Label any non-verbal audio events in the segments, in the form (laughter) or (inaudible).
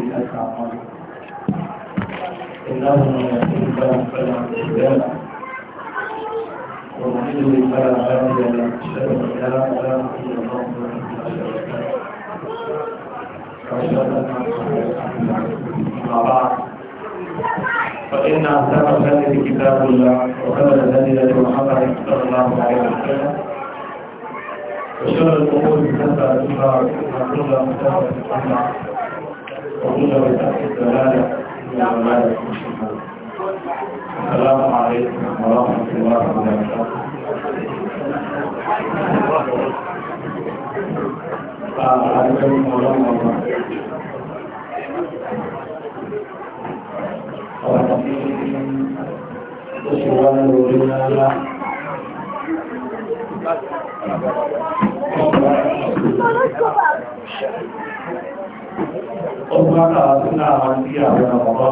لله عمله إنه من يهديك فلا مضل له ومن يضلل فلا هادي له أشهد أن لا إله إلا الله وحده لا شريك له وأشهد أن محمدا عبده أما بعد فإن أحسن الهدي كتاب الله وخير الهدي هدي محمد صلى الله عليه وسلم وشر الأمور محدثاتها وكل محدثة بدعة وكل بدعة ضلالة ضلالة السلام عليكم ورحمة الله وبركاته Thank you. Let's go back ọdún látàrà sí láàrín sí àwọn ọ̀rọ̀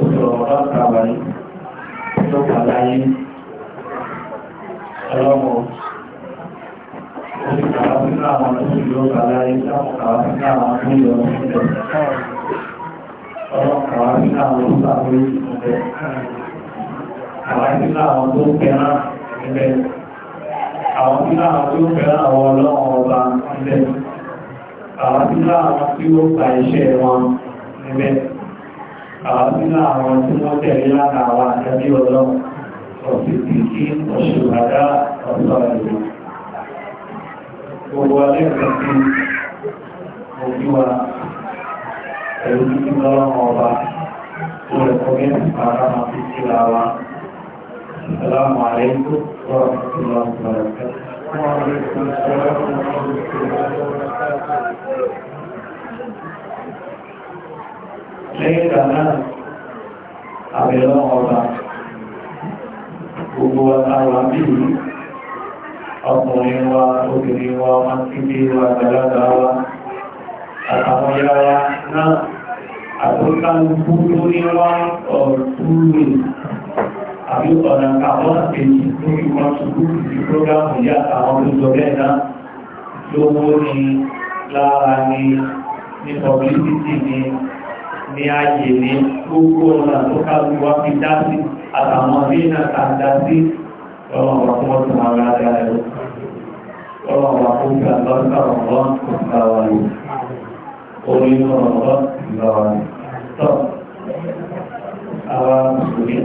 oṣù ọ̀rọ̀ tàbàrí tó wà láyé ọlọ́mọ oṣù tàbà sí láàrín oṣù yóò wà láyé láàrín sí láàrín oṣù yóò wà láyé láàrín sí láàrín oṣù Àwọn tí láàrín tó fẹ́ràn àwọn ọlọ́run ọba ilẹ̀ àwàbílá àwọn tí ó gba iṣẹ́ wọn níbẹ̀ àwàbílá àwọn tí wọ́n tẹ̀lé lára àwọn àtẹ́bí ọlọ́run ọ̀sìtì kí ọ̀ṣùgbàdá ọ̀sọ̀ ìlú gbogbo alẹ́kọ̀ọ́ sí ojú wa pẹ̀lú títí lọ́rọ̀ ọba tó rẹ̀kọ́ mẹ́rin para máa fi síra wa Assalamu alaikum warahmatullahi wabarakatuh وعليكم السلام ورحمة الله وبركاته lẹ́yìn ìgbà náà àbẹ̀lọ́ ọba gbogbo àwà bíbí ọkùnrin wa obìnrin wa wọ́n ti bí wa gbàlágbà wa àtàwọn ya wa náà àtúkàlùkú tó ní wá ọ̀túnrin àbí ọ̀nà àwọn àpèjì tó fi wọn ṣubú ti prógámù yá àwọn olùsọ bẹ́ẹ̀ náà lówó ni lára ni ní publicity ni ní ààyè ní gbogbo ọ̀nà tó kálù wá fi dá sí àtàwọn mìíràn ká dá sí ọlọ́run àwọn ọmọ tó máa rà dá ẹ̀rọ ọlọ́run àwọn ọmọ tó máa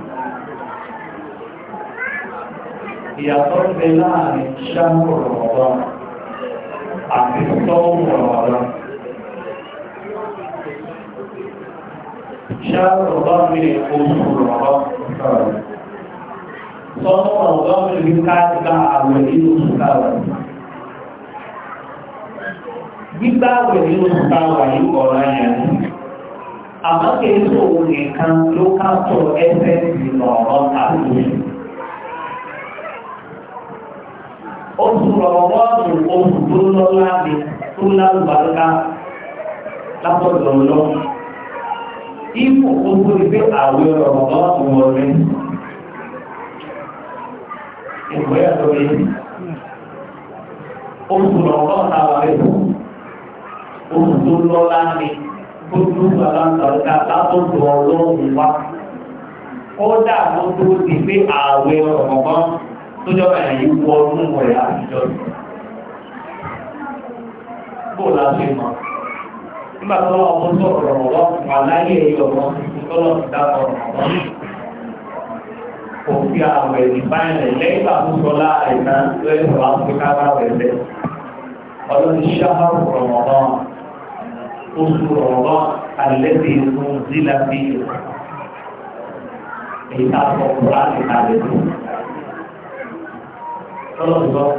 ìyàtọ̀ ń bẹ láàrin ṣáàmù rọ̀mọ̀dán àti sọ́ọ̀mù rọ̀mọ̀dán ṣáàmù rọ̀mọ̀dán ní oṣù rọ̀mọ̀dán sọ́ọ̀mù rọ̀mọ̀dán ní káàkà àwẹ̀ nínú oṣù káàkà gbígbà àwẹ̀ nínú oṣù káàkà yìí ọ̀rọ̀ yẹn àmọ́ kìí sóòwò nìkan ló ká tó ẹsẹ̀ ìlọ̀rọ̀ àti oṣù oṣù rọ̀wọ́ọ̀dù oṣù tó lọ́lá mi tó lálùbáríká látọ̀dọ̀ lọ. Ipò oṣù ìgbé àwẹ̀ rọ̀wọ́ọ̀dù wọlé. Ìwé àtọ́lé. Oṣù rọ̀wọ́ọ̀dù àwẹ̀ oṣù tó lọ́lá mi tó lálùbáríká látọ̀dọ̀ lọ́wọ́ wá. Ó dà mọ́ tó ti gbé àwẹ̀ rọ̀wọ́ọ̀dù tó jọ ẹ̀yà yìí wọ ọdún wọ ẹ̀yà àtijọ́ bó la ṣe mọ̀ nígbà tó lọ ọmọ tó rọ̀ lọ́wọ́ wà láyé ẹ̀yọ̀ wọn tó lọ sí dákọ̀ ọ̀rọ̀ kò fi àwọn ẹ̀sìn báyìí lẹ́yìn ìgbà tó sọ láàrin náà lórí ìwà áfíríkà bá rẹ̀ lẹ́ ọdún iṣẹ́ àbárò rọ̀mọ̀rán oṣù rọ̀mọ̀rán àlẹ́sìn ìlú zílà bíi èyí tá a lọ́lọ́dọ́.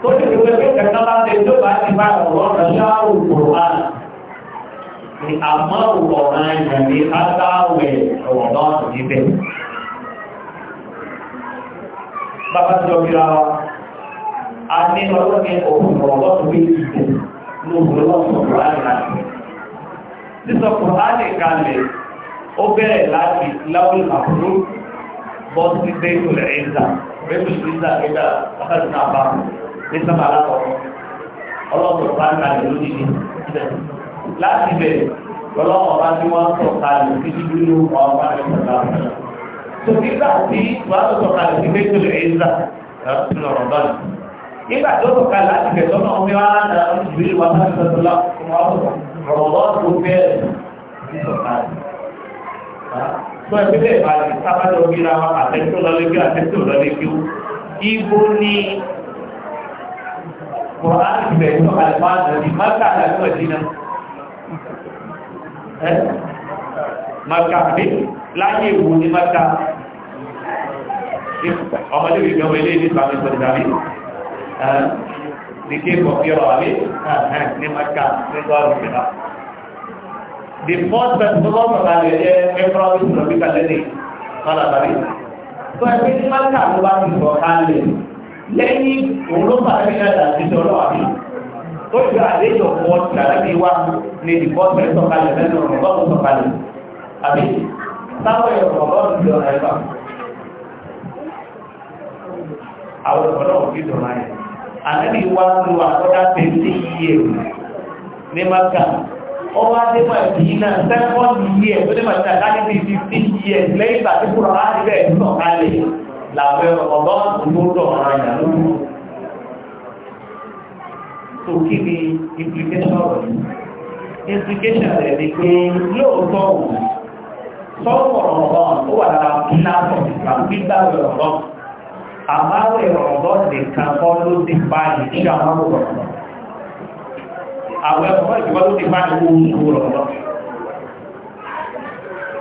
Tó ti fi pé kẹta bá ti tó bá ti bá ọ̀rọ̀ ọ̀ṣá òkòrò á. Ní àmọ́ ọ̀rọ̀ ayàn ní ágáwẹ̀ ọ̀rọ̀ náà níbẹ̀. Bàbá ti ọ̀gbìnra wa, a ní ọlọ́ ní òkùnrọ̀ lọ́tún bí ìbò ní òkùnrọ̀ lọ́tún ọ̀rọ̀ ayàn. Sísọ̀kùnrọ̀ á lè kalẹ̀ ó bẹ̀rẹ̀ láti láwùlà fún bọ́sí bẹ́ẹ̀ rẹ́pù sísá nígbà wákàtí náà bá ní sábà alákọ̀ọ́ ọlọ́pọ̀ bá ń kalẹ̀ lójijì láti bẹ̀ lọ́lọ́pọ̀ bá ní wọ́n sọ̀ kalẹ̀ títí dúró ọ̀ọ́ bá ní sọ̀tà tó nígbà tí wọ́n sọ̀ kalẹ̀ sí méjìlá ẹ̀ńdà láti lọ́rọ̀ báyìí nígbà tó sọ̀ kalẹ̀ láti bẹ̀ tọ́nà omi wá ń da ìbílẹ̀ wá bá ní sọ̀tà ọ̀rọ̀ lọ́ọ̀tún bẹ́ẹ̀ tó ẹgbẹ́ bẹ́ẹ̀ bá ti sábàjọ bíra wa àtẹ́tí ọlọ́lẹ́bí àtẹ́tí ọlọ́lẹ́bí ibo ni Quran ibẹ̀ tó àlùmá nàbí máka àti Mẹdínà máka bí láyé ìwò ní máka ọmọdé ìgbẹ̀ wọ ilé ìdíbà mi sọ̀rọ̀ dàbí ní kí n kọ̀ fi ọ̀rọ̀ àlè ní máka nígbà the first person tó bá rẹ̀ jẹ́ ẹ̀fọ́ ìṣòro bí kàlẹ́lẹ̀ kọ́làbàrí tó ẹgbẹ́ tí máa ń kà ló bá ti sọ kálẹ̀ lẹ́yìn òun ló fà ní ẹ̀dà sí ọlọ́ àbí tó ju àlejò pọ̀ tàbí wá ní the first person tó kalẹ̀ lẹ́nu ọ̀rọ̀ bọ́ọ̀lù tó kalẹ̀ àbí sáwọ́ ẹ̀rọ bọ́ọ̀lù ti ọ̀rọ̀ ẹ̀fà àwọn ọ̀rọ̀ òbí dọ̀rọ̀ ayẹ̀ àlẹ́bí wá lu àkọ́dá tẹ̀sí yìí ní máa ọwọ́ adébọ̀ ìdíná sẹ́kọ́ndì yíẹ̀ tó lè màtí àdájẹ́bí fífí yíẹ̀ lẹ́yìn ìgbà tí kúrò áàrẹ̀ ìlú ọ̀kálẹ̀ làwọn ọ̀dọ́ òmúrò ọ̀rọ̀ ìyà lórí tó kí ni implication rẹ̀ implication rẹ̀ ni pé lóòótọ́ sọ́wọ́ ọ̀rọ̀ ó wà lára kíláàpọ̀ gbígbà ọ̀rọ̀ àmáwẹ̀ ọ̀rọ̀ nìkan kọ́ ló ti pa ìṣàmọ́rọ̀ ọ̀rọ̀ àwọn ẹ̀kọ́ ìjọba tó ti bá ní owó oṣù rọ̀ lọ.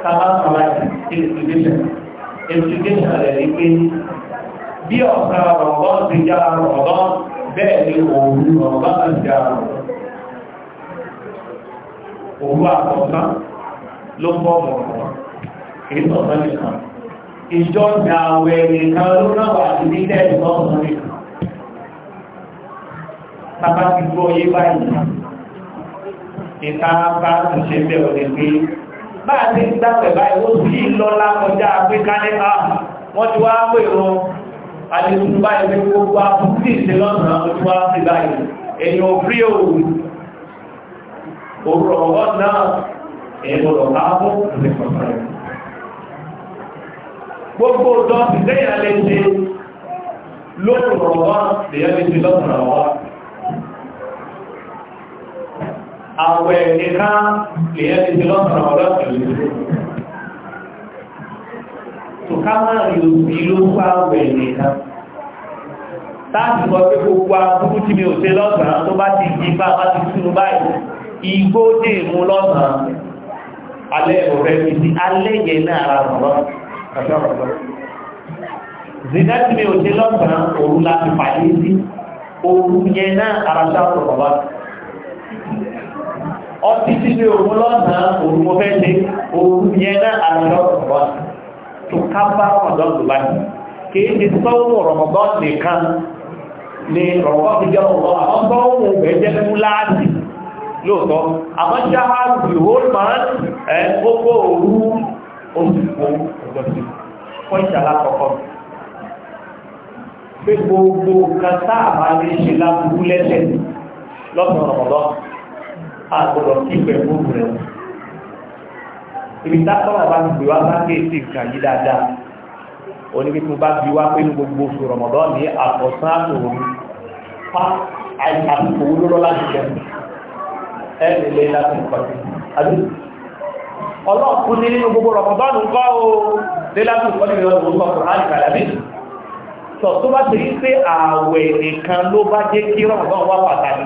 Sábà sọ̀rọ̀ ìlúdíṣẹ̀. Ìlúdíṣẹ̀ rẹ̀ ní pé bí ọ̀sán ọ̀gọ́n ti já ọ̀gọ́n bẹ́ẹ̀ ni òru ọ̀gọ́n ti já òru àkọ́sán ló bọ́ náà ìta bá ti ṣe bẹ̀rẹ̀ ní pé bá ti ń dáwẹ̀ báyìí ó sì lọ lákọjá pé kánẹ́ta ah, wọ́n ti wá pè rọ àdìsùn báyìí pé gbogbo àpùtì ìṣẹ́ lọ́nà ó ti wá sí báyìí èyàn òfrí òòrùn òrùn ọ̀gọ́ náà èyàn lọ bá fún ìrìnkọ̀ọ̀rẹ̀ gbogbo ọ̀dọ́ ìdẹ́yà àwẹ̀ nìkan lè yẹ́ ti lọ́sọ̀rọ̀ ọlọ́pẹ̀lú tó ká máa rí òbí ló pa àwẹ̀ nìkan táàkì kọ́ pé gbogbo agbúrú tí mi ò tẹ́ lọ́sàn tó bá ti jí bá bá ti túnú báyìí igbó dè mú lọ́sàn alẹ́ ọ̀rẹ́ mi sí alẹ́ yẹn náà ara rọ̀ zina tí ọtí sílé òun lọ́nà òun mo fẹ́ ṣe òun yẹn náà àlọ́ ọ̀rọ̀ tó ká bá ọ̀dọ́ tó bá ní kìí ṣe sọ́wọ́ rọ̀mọ̀dọ́ nìkan ni rọ̀mọ̀dọ́ fi jẹ́ ọ̀rọ̀ àwọn tó ń wò bẹ́ẹ̀ jẹ́ fún láàdì lóòótọ́ àmọ́ jáhá gbìhó máa ń ẹ̀ kókó òru oṣùpọ̀ ọ̀dọ́sí pọ́ìntì alákọ̀ọ́kọ́ pé gbogbo kan sáà máa ń ṣe lábúrú lẹ́sẹ̀ lọ́sàn-án àgbọ̀dọ̀ kí pẹ̀lú rẹ̀ ibi tákọ́lá bá gbé wá bá kéèsì nǹkan yìí dáadáa oníbi tó bá gbé wá pé ní gbogbo oṣù rọmọdọ́ ní àkọsán àtòrò pa àìsàkókò owó lọ́lọ́ láti jẹ ẹni lé láti kọjú adé ọlọ́ọ̀kú ní nínú gbogbo rọmọdọ́ nǹkan o lé láti kọjú ìrọ̀lọ́wọ́ sọ̀rọ̀ láti kàlàbí sọ tó bá ti rí pé ààwẹ̀ nìkan ló bá jẹ́ kí rọmọdọ́ wá pàtàkì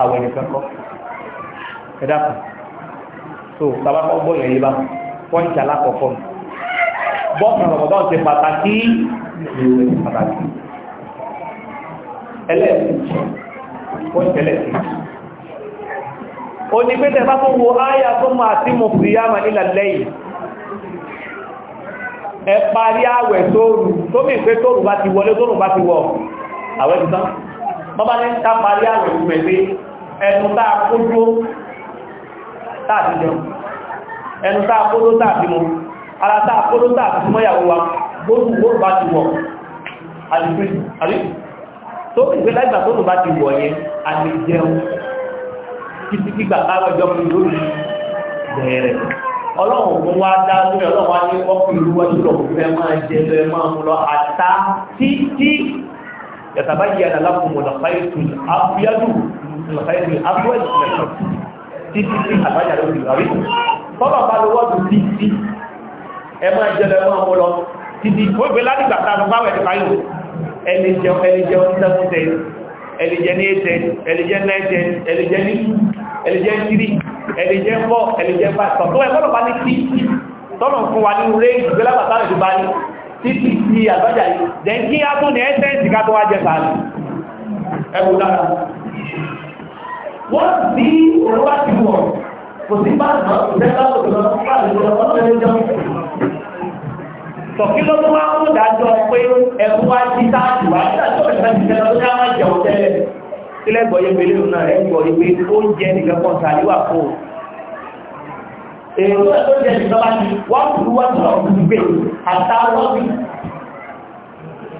àwẹ̀ nìkan kọ́ ẹ dákun so bàbá kọ́ gbọ́ yẹn yé bá pọ́ǹtì alákọ̀ọ́kọ́ mi bọ́ọ̀sì rọ̀mọ̀dọ́ ṣe pàtàkì pàtàkì ẹlẹ́ẹ̀kejì pọ́ǹtì ẹlẹ́ẹ̀kejì ó ní pé tẹ́fà tó wo áyà tó máa tí mo fi yá ma nílà lẹ́yìn ẹ parí àwẹ̀ tóòrù tó mì pé tóòrù bá ti wọlé tóòrù bá ti wọ àwẹ̀ ti bọ́bá ní ká parí àwẹ̀ ẹnu táa kójú tàbí ẹnu táa kójú tàbí mọ́ ara kójú tàbí wa gbóòrùn bá ti wọ̀ àdìsí tó ti ọlọ́run fún wa dá ọlọ́run ní ọkùnrin ìlú wọ́n lọ fẹ́ máa taa máa mú lọ àtà yàtàbáyé ìlọ̀káyẹ̀dì àbúwẹ̀ ìlẹ̀kọ̀ títí sí àbájáde òbí rárí bọ́bà bá lọ wọ́dù títí ẹ máa jẹun ẹ máa wọ́n lọ títí ó gbé ládìgbà tá a mọ báwẹ̀ nípa yòó ẹni jẹun ẹni jẹun seven ten ẹni jẹ ní eight ten ẹni jẹ nine ten ẹni jẹ ní two ẹni jẹ títí sí àgbájá yìí dẹ̀ kí á tún ní ẹ́sẹ̀ǹsì ká tó wá jẹ sáà wọ́n bí òun bá ti wọ̀ kò sí bá àná ìjẹ́ bá òun lọ bá àlejò ọmọ náà lè jẹun. Tọ̀kí ló tún wá mú dájọ́ pé ẹ̀kú wá ti sáàtì wá nígbà tó ìgbà ti jẹun lọ́dún káwá jẹun tẹ́lẹ̀. Sílẹ̀ gbọ́ yé pé léwu náà ẹ̀ gbọ́ yé pé oúnjẹ nìkan kan sàríwà fún un. Èrò náà tó jẹ nìkan bá ti wá kúrú wá tó lọ́ọ̀ kúrú gbé àtàwọn bí.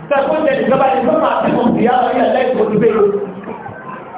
Sọ́kó jẹ nìkan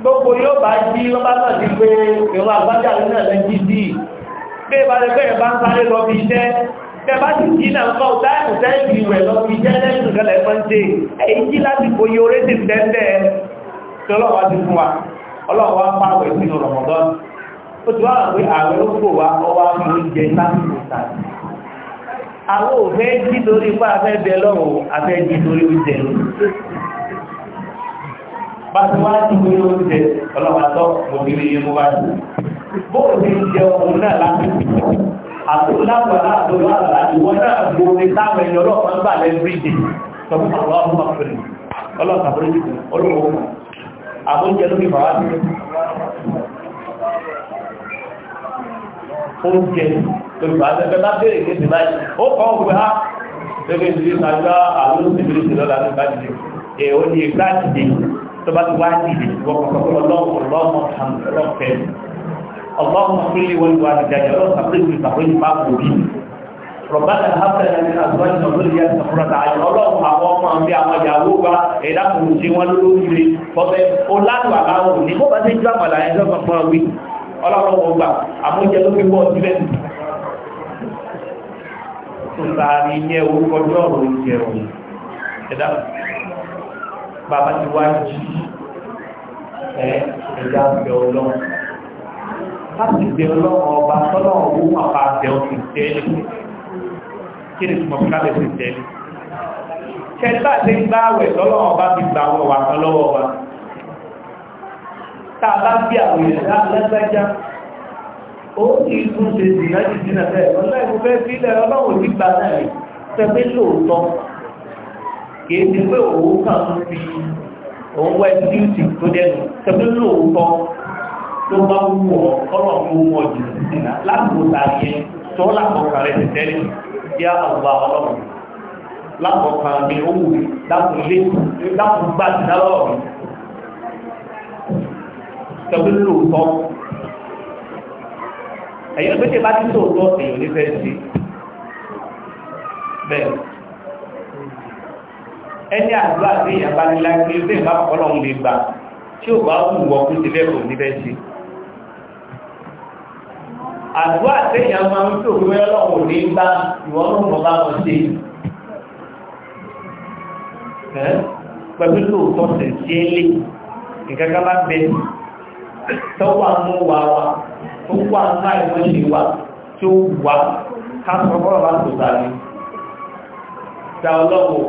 gbogbo yóò bá jí lọ́bá náà ti pé ìwọ àgbájá náà lè jí sí pé bá lè bẹ́ẹ̀ bá ń sáré lọ bí iṣẹ́ tẹ bá ti jí náà kọ́ táìmù táìmù ìwẹ̀ lọ bí iṣẹ́ lẹ́yìn ìgbẹ́lẹ̀ ẹ̀fọ́ ń ṣe èyí jí láti kó yóò rẹ́ sì tẹ́tẹ́ tí ọlọ́wà ti fún wa ọlọ́wà pàtó wá ti gbé oúnjẹ ọlọ́pàá mọ̀bìnrin yẹn mú báyìí bóò ti jẹ ohun náà láti àtúláwọ̀lá àtúlọ́ àlàlá ìwọ náà gbòòrè táwọn ẹ̀yọ́ ọlọ́pàá ń bà lẹ́gbẹ̀rẹ̀ sọ̀rọ̀ àwọn ọmọ àfẹ́rẹ̀ ọlọ́pàá fẹ́rẹ̀ olóòwò àbójẹ lórí bàbá mi oúnjẹ lórí bàbá mi bẹ́ẹ̀ bá bẹ̀rẹ̀ ní ìdìbà yìí ó kọ́ òwe ha gẹ́gẹ́ ìdílé ìtajà àwọn òṣèlú ìṣèlú ọ̀là nípa ìdílé ẹ̀ ó ní ìgbà ìdílé tọba ti wá ní ìwọ̀n Rọ̀bádà Hafẹ́lẹ̀ ní àgbọ́nà olóòrìyà ìsànkúrọ̀ta àyọ̀ ọlọ́run àwọn ọmọ àmì àwọn ìyàwó wa ẹ̀dàkùnrin tí wọ́n lórí fọ́bẹ́ olálù àláwò ní bọ́bá tí jọ àmàlà ẹjọ́ kan wí ọlọ́run gbà àmójẹ ló fi pọ̀ síbẹ̀ bàbá ti wá jí ẹ ẹ̀dá bẹ̀ ọlọ́run láti bẹ̀ ọlọ́run ọba tọ́lọ̀ owó àpá bẹ̀ ọ̀sì tẹ́lẹ̀ kí ni túnmọ̀ fún lábẹ̀ sí tẹ́lẹ̀ kẹta ti gbá àwẹ̀ tọ́lọ̀ ọba ti gbà wọ̀ wà tán lọ́wọ́ wa tá a bá bí àwọn ìrẹ̀lá lẹ́gbẹ́já ó ti tún ṣe dìnnà jìnnà bẹ́ẹ̀ ọlọ́run fẹ́ sílẹ̀ ọlọ́run ti gbà náà tẹ̀gbẹ́ lóòótọ́ kìí ti pé òun kàn ń fi òun wẹ́ díútì tó dẹnu tẹ̀lé lóòótọ́ tó bá wù ọ́ kọ́rọ̀ tó wù ọ́ jù lásìkò tààyè tó lákọ̀ọ́kà rẹ̀ tẹ́lẹ̀ yá àgbà ọlọ́run lákọ̀ọ́kà mi ó wù lákùn lé lákùn gbà sí lọ́rọ̀ tẹ̀lé lóòótọ́ ẹ̀yẹ́ pé tẹ́ bá ti tó tọ́ èèyàn nífẹ̀ẹ́ sí bẹ́ẹ̀ ẹni àdúrà sí ìyàbá nílá kí ó bèèrè bá kọ́lọ̀ ń lè gbà tí ó bá wù ọkú sí lẹ́kọ̀ọ́ níbẹ̀ sí àdúrà sí ìyàmá ń tó wé ọlọ́run ní gbá ìwọ́n ló mọ̀ bá wọn sí pẹ̀lú lóòótọ́ sì sí ilé ìkẹ́kẹ́ bá bẹ tọ́wọ́ wa wa tó wà ń láì ṣe wa tó wà ká sọ fọ́lọ́ bá tò sáré dá ọlọ́run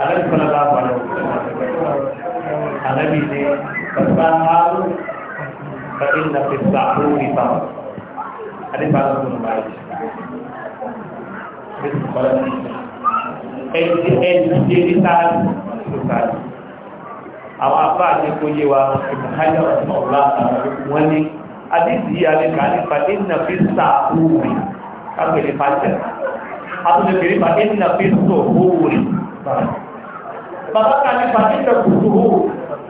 alẹ́bí kọ́lá bá wà lọ́wọ́ alẹ́bí ní pẹ̀sà àárò pẹ̀lú ìlà pẹ̀sà àárò ìbá adébá lọ́wọ́ ní báyìí bẹ́ẹ̀ kọ́lá ní ẹni ẹni dé ní sáàrì tó sáàrì àwọn afá ní kó yé wa ìbùkáyọ̀ ọ̀la wọn ni adébí alẹ́ kà ní pàdé ìlà pẹ̀sà àárò kápẹ̀lẹ̀ pàṣẹ àtúnṣe pèrè pàdé ìlà pẹ̀sà òwúrì báyìí bàbá kan ní pàṣẹ kùtù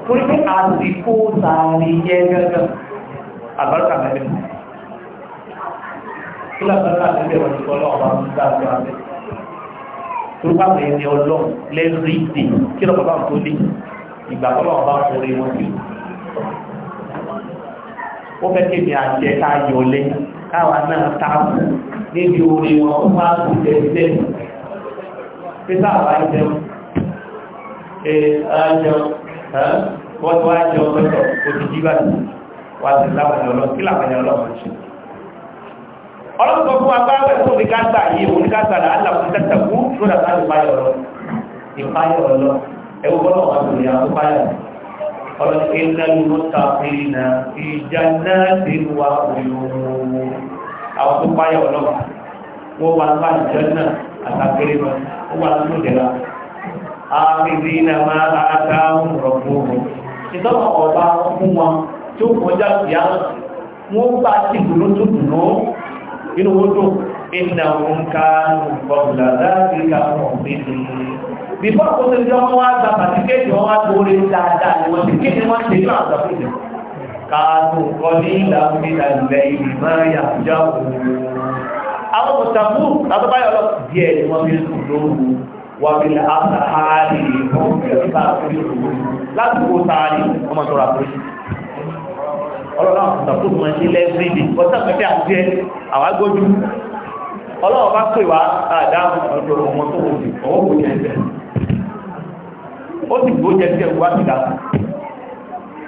torí pé àsìkò sàárì yẹ gẹ́gẹ́ àbárúkà mẹ́rin tó lábẹ́rẹ́ àti ẹ̀rọ ìfọ́lọ́ ọba ń dá àjọ àbẹ́ tó bá bẹ̀rẹ̀ ní ọlọ́ lẹ́rí ìdè kí lọ bàbá tó lé ìgbà tó lọ́wọ́ bá forí wọn jù ó fẹ́ kéde àjẹ náà táàbù níbi orí wọn ó máa ń jẹ sẹ́yìn pé sáà wọ́n tó wá jẹ ọlọ́tọ̀ òtìjí bá ti wà sí láwọn ọlọ́ kí làwọn ọlọ́mọ ṣe ọlọ́pọ̀ fún agbáwẹ̀ tó ní ká gbà yìí òun ní ká gbàdà aláwọ̀ tẹ́tẹ̀kú tó dà sáà ìpáyọ̀ ọlọ́ ìpáyọ̀ ọlọ́ ẹwọ́ bọ́lọ̀ wà lórí àwọn páyọ̀ ọlọ́ ìlẹ́lu mọ́tàfínà ìjànà ti wà òyòwò àwọn tó páyọ̀ ọlọ́ wọ́n wà lọ́ àmìdí iná máa àtà rọ̀gbọ̀rọ̀ ìtọ́nà ọba fún wọn tí ó kọjá ìyá wọn bá ti dùnú tó dùnú inú wọn dùn iná wọn ká ọ̀gbọ̀gbọ̀lá láti ká ọ̀gbẹ̀dẹ̀ bífọ́ àkóso ìjọ wọn wá gba pàtíkéèkì wọn wá gbóore dáadáa ni wọn ti kí ni wọn ṣe ní àgbàkùnjẹ káàtó kọ ní ìlàmìlà ilẹ̀ ìgbìmọ̀ yàtújà òun àwọn wàbílẹ̀ àtàhálì láti kó sáàrí ọmọ tó rà fún ọlọ́rọ̀ àwọn ìtàkùn mọ̀ sí lẹ́sìnì ọ̀sẹ̀pẹ̀tẹ̀ àti ẹ àwágójú ọlọ́rọ̀ bá pè wá àdáhùn ọjọ́ ọmọ tó wò sí ọwọ́ kò jẹ́ ẹ̀sẹ̀ ó sì gbó jẹ́ sí ẹ̀wọ́ àti dáa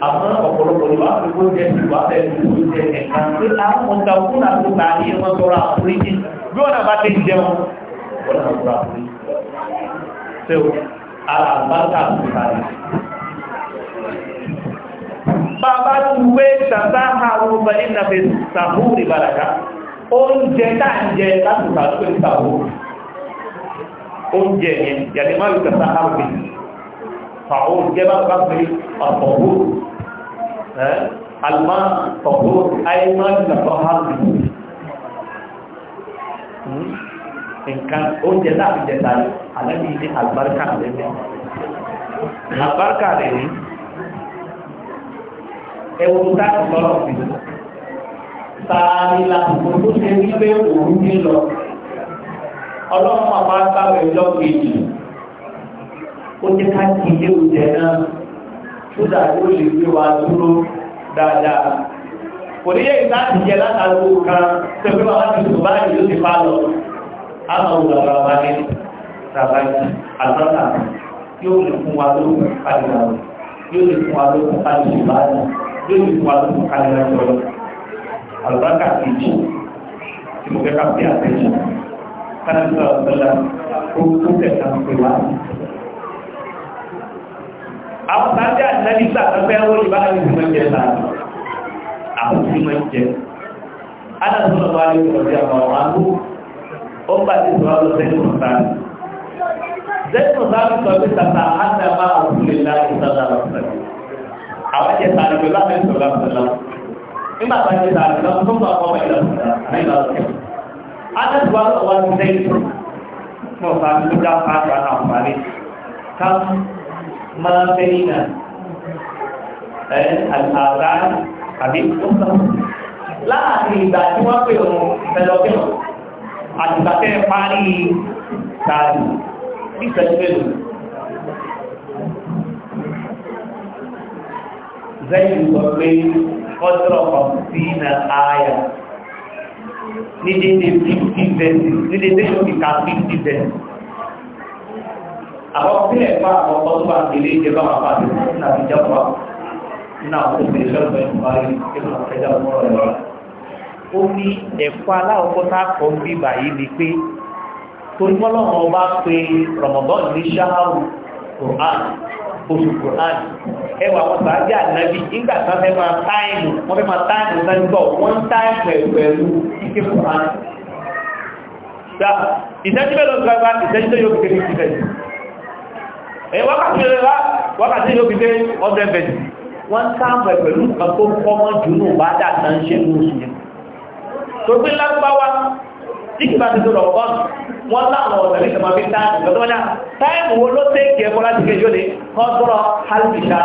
àmọ́ ọ̀pọ̀lọpọ̀ ìwà àti gbó jẹ́ sí ìwà àti ẹ̀sẹ̀ ẹ̀ka pé àwọn ìtàkùn àti ṣe o alàbáta ìbàdàn. Bàbá ti wé ṣàtà àrùn bẹ̀rẹ̀ ìnàfẹ́ sàbú ìbàdàká. Oúnjẹ náà jẹ láti sàbú ìsàbú. Oúnjẹ yẹn, yàtí máa yóò ṣàtà àrùn bẹ̀rẹ̀. Fàwọn oúnjẹ bá bá fi ọ̀pọ̀wó. Àlùmá ọ̀pọ̀wó, ayé máa ń nǹkan oúnjẹ láti jẹta àlẹ́bí ní àlùbáríkà lẹ́gbẹ́ àlùbáríkà rẹ̀ ní ẹwọ tó dáàbò lọ́rọ̀ sí sáàrí làbùkù tó ṣe ní pé òun ní lọ ọlọ́run àbá sáwẹ̀ lọ́kèjì ó jẹ́ ká kí ilé oúnjẹ náà tó dàbí ó lè gbé wa dúró dáadáa kò ní yẹ ìsáàtì jẹ látàgbò kan tẹ̀wé wa láti báyìí ló ti fa lọ àwọn bàbá wa ní bàbá àlọ́tà yóò lè fún wa lókun kálíra rẹ̀ yóò lè fún wa lókun kálíra ìbáàdà yóò lè fún wa lókun kálíra jọlọ àlùbákà kejì tí mo fẹ́ ká pé àtẹ́jì kálíra ọ̀sẹ̀lá ó tẹ̀sà pé wá. àwọn sáájú àtẹ́lẹ́bí sàtọ́fẹ́ ó lè bá ẹni tí jẹ sáà àwọn tí wọ́n jẹ. Adàtúndọ̀ bá lè sọ̀rọ̀ bí àwọn àwọn ó ń bá ti sọ̀rọ̀ lọ sẹ́yìn mọ̀sáàlì sẹ́yìn mọ̀sáàlì sọ pé tàtà àdàmà àwùjọ ìlà ìsàlà ọ̀sẹ̀ àwọn ẹ̀jẹ̀ tààrí pẹ̀lú àmì ìsọ̀rọ̀ àṣẹlá nígbà tá a ti tààrí lọ tó ń bá ọmọ ìlà ìlà ọ̀sẹ̀ àdàtúwà lọ wá sí sẹ́yìn mọ̀sáàlì ló dá pàṣẹ àǹfààní ká máa tó sọ láàárín ìgbà tí àtìgbàtẹ́ parí tààdì ìfẹ̀síwẹ̀lú zẹ́yìn sọ pé kọ́tọ̀rọ̀ kọ̀pùtínà ààyà ní dédé 50 verses ní dédé òkìká 50 verses àwọn sílẹ̀ fà àwọn ọdún àgbèlé ìjẹba àpàdé náà ìjọba náà ó bèèrè lọ́gbẹ̀ẹ́ ìparí ìjọba ó ní ẹ̀kọ́ aláwọ̀kọ́ tá a kọ́ bí báyìí ni pé torí mọ́lọ́mọ́ ọba pé Ramadan ní ṣááwù Quran oṣù Quran ẹwà wọn sàájì ànábì nígbà tán fẹ́ máa táìmù wọ́n fẹ́ máa táìmù sẹ́ńtọ̀ wọ́n táìmù pẹ̀lú kíké Quran ìṣẹ́jú mẹ́lọ gbàgbà ìṣẹ́jú tó yóò fi tẹ́lẹ̀ ìṣẹ́jú ẹ̀ wákàtí rẹ̀ wá wákàtí yóò fi tẹ́ ọdún ẹ̀fẹ̀ wọ́n táàmù pẹ̀lú nǹkan tó kọ́mọ́ bá dà tán ṣe ní oṣù yẹn tó gbé lágbáwá tí kìí bá ti tó lọ́pọ̀ wọ́n láwọn ọ̀sẹ̀ ní ìjọba fi ń dáàbò lọ́tọ́ náà táìmù wo ló tẹ́ kí ẹ̀kọ́ láti kejì ó lè kọ́ sọ́rọ̀ hálùbìṣà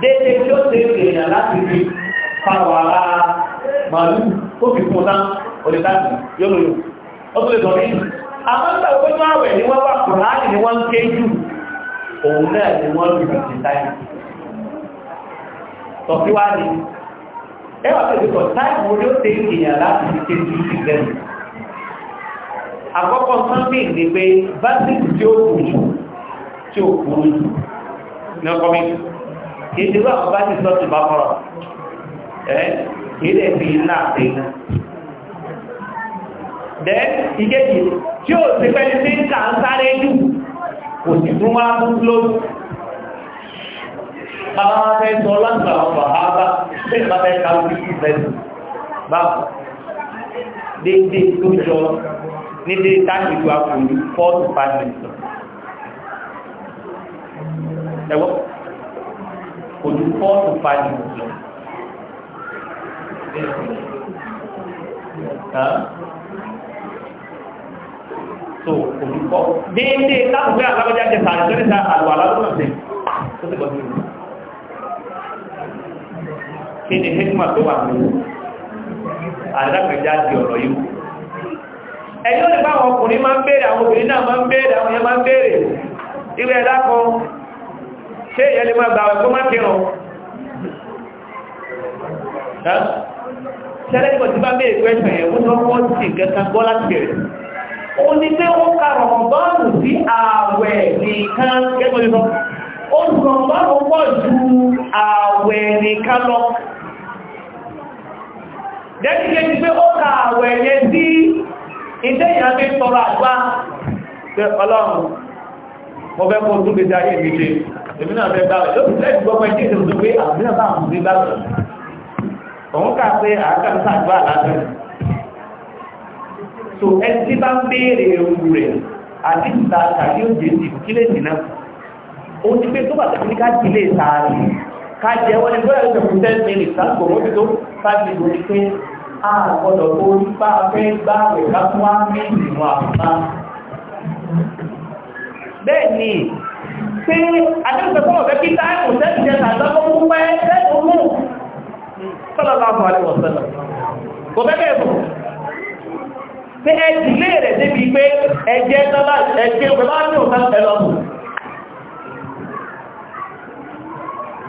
déédéé tí ó tẹ́ kí èèyàn láti fi fáwọn ará màálù tó fi kún náà òlè láti yóò lòyò ó tó lè ẹwà pẹ̀lú kọ̀ táìmù orí ó tẹ́ ìyà láti fi ké sí ìgbẹ̀rù àkọ́kọ́ sunday ni pé basic tí ó kù jù tí ó kù jù ní ọkọ̀ mi kì í ti rú àwọn basic lọ́tù bá kọ́rọ̀ ẹ́ kì í lẹ̀ fi iná àti iná dẹ́ ìkéjì tí ó ti bàbá wa fẹ́ sọ lágbà ọ̀pọ̀ àbá bẹ́ẹ̀ bá fẹ́ ka ojú sí ìfẹ́sù báwo déédéé tó jọ ní déédéé táàkì ìlú àpòlù fọ́ọ̀tù pàṣẹ ẹ̀wọ́ kò ju fọ́ọ̀tù pàṣẹ lọ. so olùkọ́ déédéé táwọn gbé àlábọ́jáde sàrẹ́sẹ́rẹ́sà àlùwàlá lọ́nà sí tó sì gbọ́dọ̀ kí ni hikma tó wà ní di ọ̀rọ̀ yìí ẹ̀yìn ó bá àwọn ọkùnrin máa ń béèrè àwọn obìnrin náà máa ń béèrè àwọn yẹn máa ń béèrè irú ẹ̀dá kan ṣé ìyẹn lè máa gbàwẹ̀ kó má kírun sẹ́lẹ̀kọ̀ tí bá bẹ́ẹ̀ pẹ́sàn yẹn wọ́n lọ́wọ́ sí gẹ́gẹ́ gbọ́ láti rẹ̀ ó ní pé ó ka rọ̀mọ̀bọ́ọ̀lù sí ààwẹ̀ nìkan ó pọ̀ ju ààwẹ̀ dẹ́gbẹ́ ti pé ó ka àwẹ̀ yẹ sí ìdẹ́ ìyàgbé tọrọ àgbá pé ọlọ́run mo fẹ́ kó tún gbèsè ayé mi ṣe èmi náà fẹ́ gbáwẹ̀ ló fẹ́ gbọ́gbọ́ ẹjẹ́ ìṣẹ́ òṣù pé àmì náà báwọn ti bá sọ òun kà pé àákà ń sàgbà lábẹ́ so ẹni tí bá ń béèrè ewu rẹ̀ àti ìta tàbí òjèjì kílẹ̀ ìdìnnà ó ti pé tó bàtà kájẹ wọ́n ni bóyá ìjọba ten minutes láti òwúrọ̀ tó kájẹ ìlú ni pé a gbọ́dọ̀ tó nípa fẹ́ gbá ẹ̀ka tó wá ní ìlú àbúrá. bẹ́ẹ̀ ni pé adébùsọ̀kọ́ ọ̀fẹ́ kí táìmù tẹ́sí jẹ́ tàbí ọmọ pẹ́ tẹ́sí mú sallallahu alaihi wasallam kò fẹ́ bẹ́ẹ̀ fún pé ẹ dìlé rẹ̀ débi pé ẹ jẹ́ tọ́lá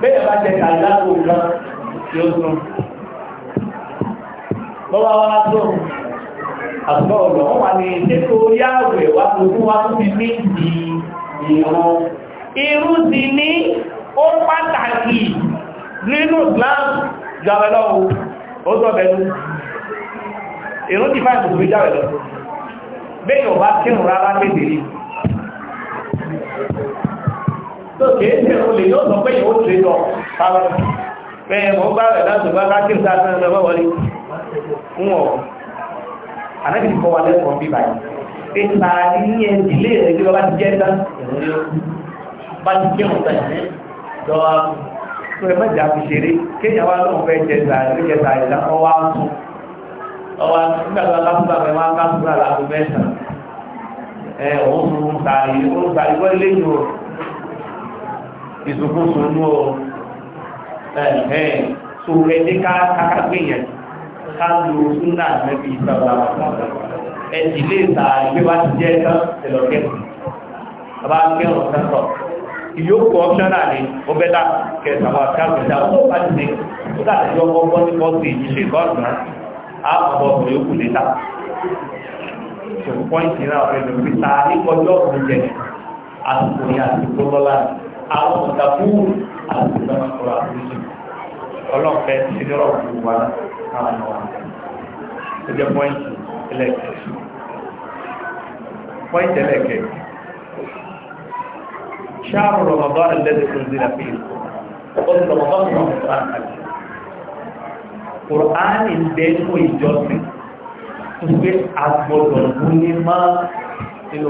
bẹ́ẹ̀ bá jẹ kàláàbò kan yóò sùn bọ́wá wá tó àgbọ̀ ọ̀dọ̀ wọ́n wà ní ìṣẹ́kọ̀ orí ààwẹ̀ wá fún wá fún mi ní ìran irú ti ní ó pàtàkì nínú Islam jàwẹ̀lọ́ ó sọ irú ti tó kéé ṣe olè yóò sọ pé yóò ṣe lọ pàrọ̀ bẹ́ẹ̀ mọ́ bá rẹ̀ láti bá káàkiri sáà sẹ́yìn lọ́wọ́ wọlé ń wọ̀ kọ́ wa lẹ́kọ̀ọ́ bí báyìí pé ní ẹ̀ ìdílé rẹ̀ bí bá ti jẹ́ tán bá ti jẹ́ òun tán lọ́wọ́ tó ẹ mẹ́jà fi ṣeré kéèyàn wá lóun fẹ́ jẹ sàárẹ̀ jẹ sàárẹ̀ lọ́wọ́ wá ń ọwọ́ nígbà tó aláfúgbà fẹ́ máa ń ká fúgbà láàbù mẹ́sàn-án ẹ̀ òun sùn sàárẹ̀ òun sàárẹ̀ wọ́n lé ìsòkòsò ní ọ ẹ̀hẹ́n tó ẹni kákàgbéyàn ká lo súnà mẹ́bí ìsọ̀rọ̀ ẹ̀jì lè ta ìgbé wá ti jẹ́ tán ìlọ́kẹ́kù bàbá kẹrùn sẹ́tọ̀ ìyókù ọ́pṣọ́nà ni ó bẹ́ta kẹsàwà káàkiri àwọn ọ̀pá ti ní ó dàtẹ́jọ́ ọgbọ́n ní kọ́ọ̀sì ìjìnlẹ̀ gọ́ọ̀nà àpapọ̀ ọ̀pọ̀ yókù lẹ́ta ṣòkú pọ́ìntì náà ọ̀rẹ́lẹ̀ pítà ní kọjọ́ ọ̀pọ̀ jẹ àsìkò ní àsìkò lọ́lá àwọn mùtàkùn àti ìdánakọ̀rọ̀ àbúrúsì ọlọ́pẹ́ sílẹ̀rọ̀ gbogbo wa náà nọ wa ó jẹ́ pọ́ìntì ẹlẹ́kẹ̀ẹ́sì pọ́ìntì ẹlẹ́kẹ̀ẹ́sì شهر رمضان الذي انزل فيه القران رمضان هو القران الحكيم قران ìdẹ́kùn ìjọsìn tó gbé agbọ́dọ̀ ní máa nínú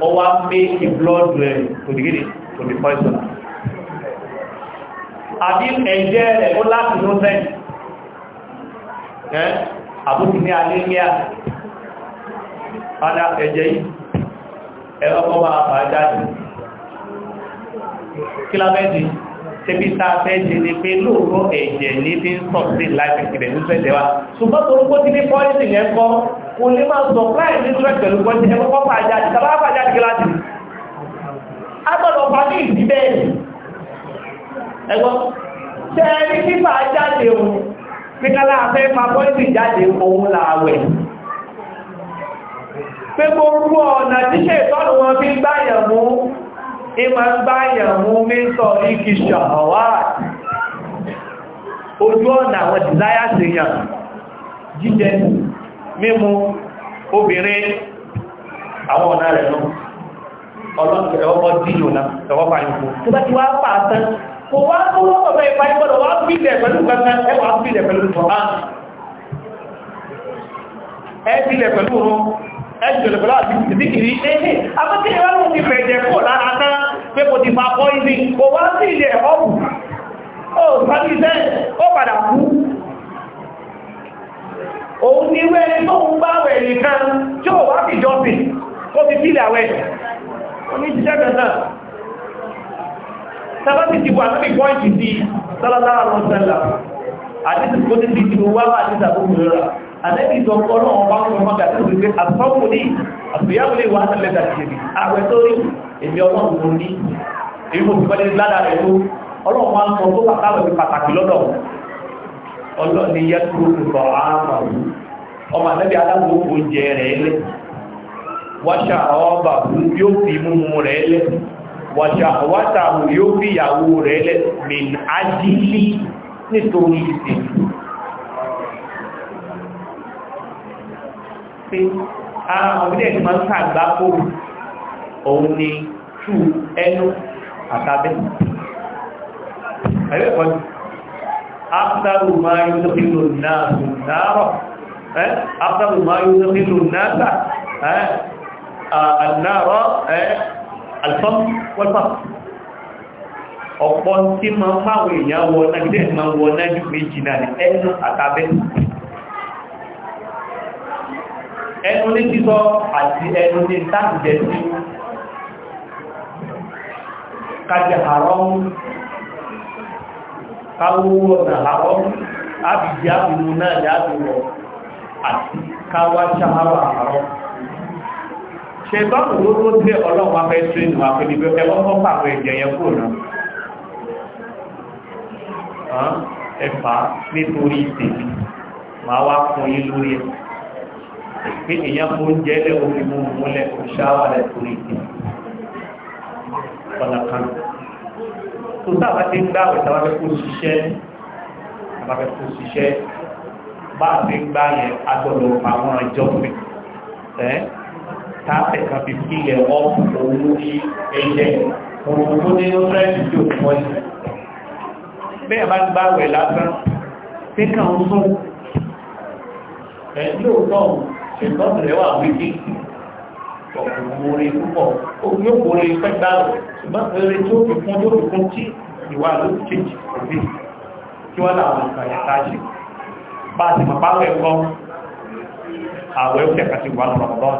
ó wá méjì blood to the dìgídì kò dì poison àbí ẹ̀jẹ̀ rẹ̀ ó láti ló sẹ́yìn ẹ́ àbúkì ní alémíà ọ̀nà ẹ̀jẹ̀ yìí ẹ̀rọ kọ́ máa fàájáde kí lábẹ́ dìí tẹbi tá a fẹ́ ṣe ni pé lóòótọ́ ẹ̀jẹ̀ ní fi ń sọ sí láti ìpìlẹ̀ ní fẹ́ tẹ́wà ṣùgbọ́n tó rúkọ́ ti ní pọ́lìsì yẹn kọ́ kò ní máa sọ láì ní sọ ìpẹ̀lú kọ́ ti ẹkọ́ pàjáde tàbá pàjáde kíláàsì agbọ́dọ̀ pa ní ìdí bẹ́ẹ̀ ẹgbọ́n tẹ́ ní pípa pé kálá afẹ́ pa pọ́lìsì jáde ìtọ́nù wọn fi gbáyẹ̀ mú ìmọ̀ ń bá yẹ̀mú mẹ́sọ̀ ikì ṣàwà ojú ọ̀nà àwọn dìláyà sí yàn jíjẹ mímu obìnrin àwọn ọ̀nà rẹ̀ lọ ọlọ́pẹ̀ẹ́ ọmọ díyò náà ẹwọ́ pàyíkò tó bá ti wá pàtán kò wá kó wọ́pọ̀ mẹ́ ìpàdébọ̀dọ̀ wá pílẹ̀ pẹ̀lú kankan ẹwà pílẹ̀ pẹ̀lú ọ̀hán ẹ pílẹ̀ pẹ̀lú ọ̀rọ̀ ẹ jùlọ pẹ̀lú àti ìdíkìrí ẹ̀ẹ́ pé kò ti fa kọ́ ibi kò wá sí ilẹ̀ ọ̀pù ó sábí iṣẹ́ ó padà kú òun ní wẹ́rẹ́ tó ń bá wẹ̀ nìkan tí ó wá fìjọ sí kó fi sílẹ̀ àwẹ̀ oníṣẹ́ gẹ̀ẹ́sàn sábàtì ti bọ̀ àti pọ́ìntì sí sálátàrà lọ́sẹ̀lá àdíṣẹ́ kó ti ti wá wà àdíṣẹ́ àbúrò rẹ̀ àdẹ́bí sọ ọlọ́run bá ń sọ mọ́gà tó ti gbé àtọ́kùnrin àtúnyàwó lè wà á tẹ̀lé èmi ọlọ́run mo ní èmi mo fi pẹ́lẹ́ ládàá rẹ̀ tó ọlọ́run máa ń sọ tó pàtàkì lọ́dọ̀ pàtàkì lọ́dọ̀ ọlọ́run ni yẹ kúrò lọ àmà ọmọ àtẹ́bí adágún ó oúnjẹ rẹ̀ lẹ̀ wáṣà ọba yóò fi mímu rẹ̀ lẹ̀ wáṣà wáṣà yóò fi ìyàwó rẹ̀ lẹ̀ min ajílì nítorí ìsìnkú pé ara ọ̀gbìn ẹ̀ ti máa ń kà gbá òun ni tú ẹnu àtàbẹ́ ẹ̀rẹ́ kan aftaru ma yóò tó kílò náà sùn náàrọ̀ aftaru ma yóò tó kílò náà ànáàrọ̀ alfam wọ́lfam ọ̀pọ̀ tí ma ń máa wọ náà gídẹ́ ẹnu ní títọ́ àti ẹnu ní táàjẹ́ sí kájẹ àrọ́mù káwọ́ ọ̀nà àrọ́mù ábìjì ábìmú náà jábìmọ̀ àti káwà ṣàhárà àrọ́mù ṣe báwọn olóró tí ọlọ́run afẹ́ tó inú àfẹ́lẹ́gbẹ́ ẹlọ́pọ̀ pàpọ̀ ẹ̀jẹ̀ yẹn kò náà ẹ̀fà nítorí ìtẹ̀lẹ̀ máa wá fún yí lórí ẹ̀ pé èèyàn fún jẹ́lẹ̀ omi mú múlẹ̀ òṣàwà rẹ̀ torí ìtẹ̀lẹ̀ fọlákan tó sábà ti ń gbá àwẹ̀ tàbá fẹ́ kó ṣiṣẹ́ tàbá fẹ́ kó ṣiṣẹ́ bá a fi ń gbá yẹn agbọ́dọ̀ àwọn ẹjọ́ mi ẹ́ táàpẹ̀ kan fi fi ilẹ̀ ọ́pù òun ní ẹ̀jẹ̀ ọ̀gbọ̀nmọ́re púpọ̀ omi òkúre pẹ́gbà rẹ̀ ṣùgbọ́n eré tó fi kún tó fi kún tí ìwà ló ti kéjì òbí kí wọ́n láwọn ìgbàyà táṣì bá ti màpá rẹ̀ kọ́ àwẹ̀ ó kẹ̀kà ti wà lọ́rọ̀lọ́rùn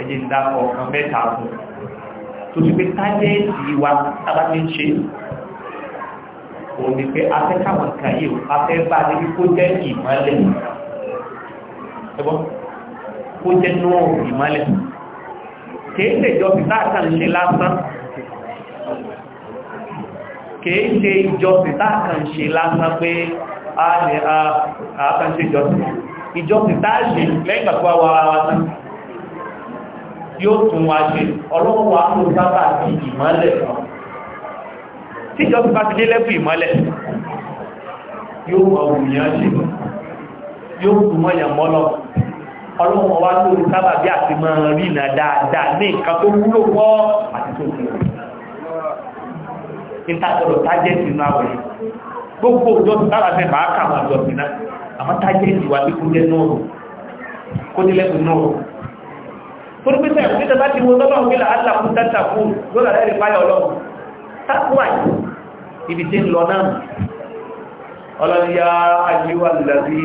ẹjẹ́ ìdákọ̀ ọ̀kan mẹ́ta fún tó ti pé tájẹ́ẹ̀sì wa tábà ti ń ṣe òun ni pé afẹ́ káwọn kan yìí afẹ́ bá níbi kó jẹ́ ìmọ́lẹ̀ kó jẹ́ náà ìmọ́lẹ̀ kìí ṣe ìjọsìn táàtà ń ṣe lásán kìí ṣe ìjọsìn táàtà ń ṣe lásán pé a lè àátà ń ṣe ìjọsìn ìjọsìn táàṣe lẹ́yìn àpá wa ara wa tán yóò tún wa ṣe ọlọ́run wa ń lò sábà yóò mọ̀ òmìnira ṣe yóò mọ̀ yàn ọlọ́run ọwá tó ní sábà bí àti mọ́ rí ìnà dáadáa ní nǹkan tó wúlò pọ́ àti tó fi ìtàkọ̀rọ̀ tájẹ́sì náà wẹ̀ gbogbo òjò tó sábà fẹ́ bàá kà wọn àjọsìn náà àmọ́ tájẹ́sì wà ní kúlẹ̀ náà kó ní lẹ́kùn náà torí pé sẹ́yìn pé tẹ́lá ti wo tọ́lọ́run kí làálà fún dáta fún lọ́la rẹ̀ ọlọ́run tákùwà ibi tí ń lọ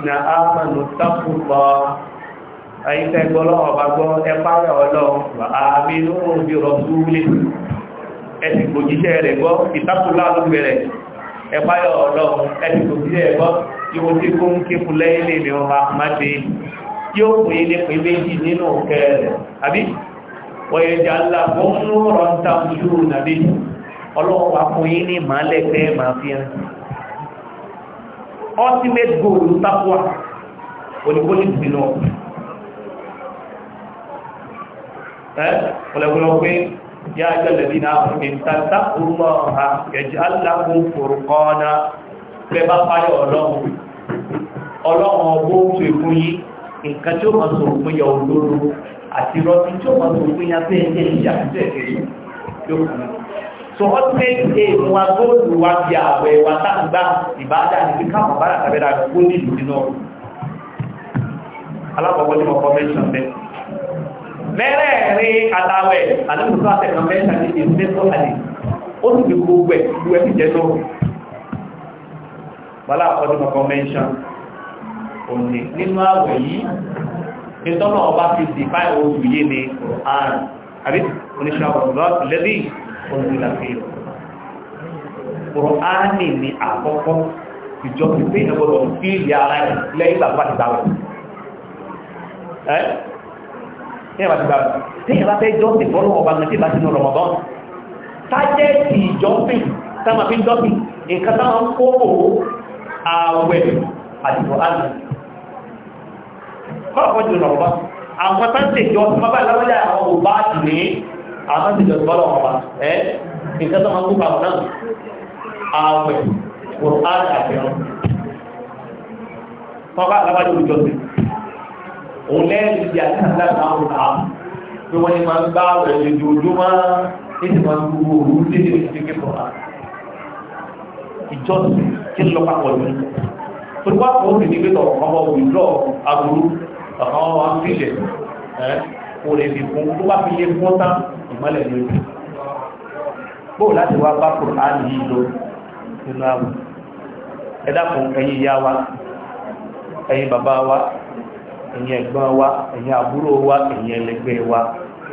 na ámànù tákùwà ẹ̀yin tẹ́ gbọ́ lọ́wọ́ bá gbọ́ ẹpá rẹ̀ ọlọ́run àmì inú òbí ọ̀rọ̀ súúlé ẹ̀sìn kò jíṣẹ́ rẹ̀ gbọ́ ìtàkùnlá ló bẹ̀rẹ̀ ẹpá rẹ̀ ọlọ́run ẹ̀sìn kò jíṣẹ́ rẹ̀ gbọ́ ìwò tí kó ń ké fún lẹ́yìn lè mìíràn àmàdé yóò fún ilé pé méjì nínú òkè rẹ̀ àbí wọ̀yẹ̀jà ńlá fún rọ̀ ń ta ojú nàbí ọlọ́run wa fún yín ní ìmọ̀lẹ̀ tẹ́ ultimate goal takuwa oníkólé sínú ọ̀pọ̀ ọ̀lẹ́gbọ́n pé yá jẹ́lẹ̀bí náà ìtàtà orúmọ̀ ọ̀há ẹ̀jẹ́ aláàkún fòrùkọ́ọ́nà pẹ́ bá parí ọlọ́run ọlọ́run ọgbó tó ìfún yí nǹkan tí ó mọ̀ sọ fún yà olóró àti rọ́bí tí ó mọ̀ sọ fún yà bẹ́ẹ̀ ní ìyà tó so wọ́n ti ṣe ìwà góòlù wa bí àwẹ̀ wa táàgbà ìbáadà ní bí káàmù bára tàbẹ́ra góòlù nínú ọ̀rọ̀ alákọ̀ọ́kọ́ tí ní àtàwẹ̀ àdúgbò àtẹ̀ kọ̀mẹ́ta ní ìsinẹ́tọ́ àdì ó sì fi gbogbo ẹ̀ gbogbo ẹ̀ sì jẹ́ tó bọ́lá ọdún convention òní nínú àwẹ̀ yìí ìtọ́nà ọba fi dìfáì oṣù yìí ni ààrùn àbí oníṣàwọ̀lọ́pù lẹ́bí onílàfíìlò Kùránì ni àkọ́kọ́ ìjọ pípé ẹgbọ́dọ̀ sí ilẹ̀ ara ẹ̀ lẹ́yìn bàbá ti dáwẹ̀ téèyàn bá fẹ́ jọ́sìn fọ́lọ́ ọba nàìjíríà bá sínú Ramadan tájẹ́ẹ̀tì ìjọ́sìn táwọn àfi ń jọ́sìn nǹkan táwọn kó ààwẹ̀ àdìbò àná kọ́ọ̀kọ́ jù Ramadan àwọn táńtì ìjọsìn bábá ìlàwọ́lẹ̀ àwọn òbá àti ní àwọn táńtì ìjọsìn fọ́lọ́ ọba ẹ́ nǹkan táwọn kó pàwọn náà ààwẹ̀ Qur'an àti ọ̀rọ̀ tọ́ka alábàjọ́ ìjọsìn òun lẹ́yìn ìdí àti àti àti àwọn pé wọ́n ní máa ń bá ọ̀rẹ́ lójú ojú máa ní ti máa ń gbogbo òru tí ní ti ké pọ̀ náà ìjọsìn kí ń lọ papọ̀ ní torí wá kó ní nígbẹ́tọ̀ ọmọ òwúrọ̀ aburú ọ̀kan ọmọ wa ń fìlẹ̀ kò lè fi fún tó bá fi lé fún ọ́tá ìmọ́lẹ̀ lójú bóò láti wá bá kò á nìyí lọ nínú àwọn ẹ dákun ẹ̀yin ìyá wa ẹ̀yin bàbá wa ẹ̀yin ẹ̀gbọ́n wa ẹ̀yin àbúrò wa ẹ̀yin ẹlẹgbẹ́ wa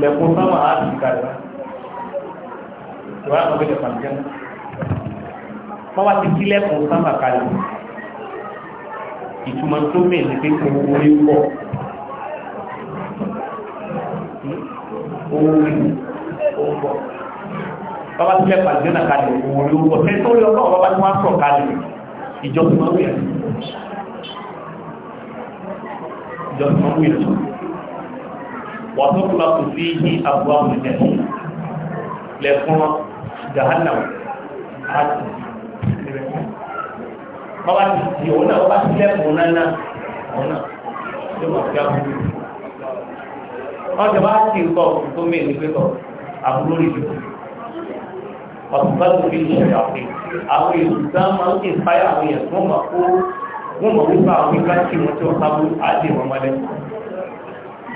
le a lẹ́kùn sáwọn àti ìkàrà ìwà àwọn ọgbẹ́jọ pàtẹ́ wọ́n wá ti kílẹ̀kùn sáwọn kalẹ̀ ìtumọ̀ tó mẹ́ ní pé kò orí pọ̀ orí pọ̀ bàbá tí o jẹ́ náà kalẹ̀ orí pọ̀ tẹ́ tó yọ náà bàbá tí wọ́n sọ kalẹ̀ ìjọ ìjọ ìjọ وتغلق فيه أبواب الجحيم لكن جهنم bàbá ti di òun náà bá tilẹ̀ kùn náà náà òun náà ló máa fi àbúrò wọn ti bá ti ń kọ tó kọ àbúrò rí ju ọ̀sùn bá fi ìṣẹ̀lẹ̀ àfi àwọn èèyàn tó máa ń ìpáyà àwọn èèyàn tó máa kó wọn mọ̀ wípé àwọn ìgbà tí wọ́n ti wọ́n sábú á dé wọn mọ́lẹ́kọ̀ọ́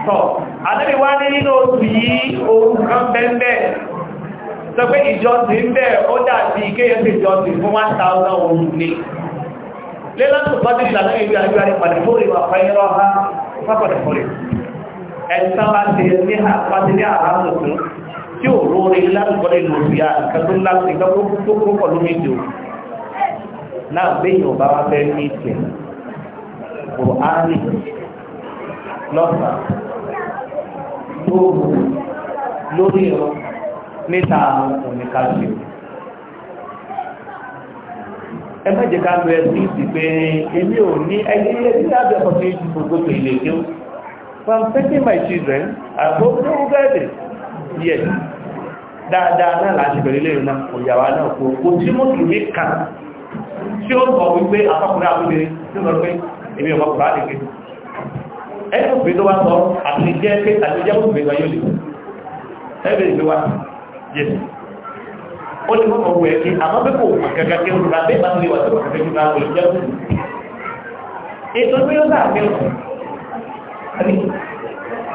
tọ̀ àdẹ́bí wá ní nínú oṣù yìí oòrùn kan bẹ́ẹ̀ sọ pé ìjọsìn bẹ́ẹ̀ ó dàbí kéyẹsì ìjọsìn fún 1000 oòrùn ní lélọ́tù tọ́jú ìlànà ìwé àríwá ní pàdéfóòrè wà fáyẹ́rọ́ ha pápàdéfóòrè ẹ̀sán bá ti ní àpáti ní àrámù fún tí ò róore láti kọ́ nínú oṣù yá kẹtù láti gbogbo tó kó pọ̀ lómi jù náà bẹ́yìn ọba wá fẹ́ ní ìtẹ̀ kùrọ̀ áàrì lọ́sàn-án gbóòmù lórí ẹ̀rọ níta àwọn ọkùnrin káṣí ẹ má jẹ́ ká lọ ẹ̀sìn ìsìn pé èmi ò ní ẹgbẹ́ ilé tí láti ẹ̀kọ́ sí ìjú gbogbo tó ilé kí ó from taking my children àgbo tó ń bẹ̀rẹ̀ yẹ dáadáa náà láti bẹ̀rẹ̀ ilé ìrìnà òyàwó náà kò kò tí mo tù mí kàn tí ó sọ wípé apákùnrin àbúrò tí ó sọ pé èmi ò mọ̀ ẹ̀sùn pé tó bá sọ àtìjẹ́ pé àtìjẹ́ ó gbé wáyé lè ẹ̀rẹ́ ìgbé wá jẹ́ ó lè mọ́mọ́ wọ ẹ̀kí àmọ́ pé kò kàkàkà kí ó rà bẹ́ẹ̀ bá lè wà tó kàkàkà kí ó rà lè jẹ́ òun ètò pé ó sáà fẹ́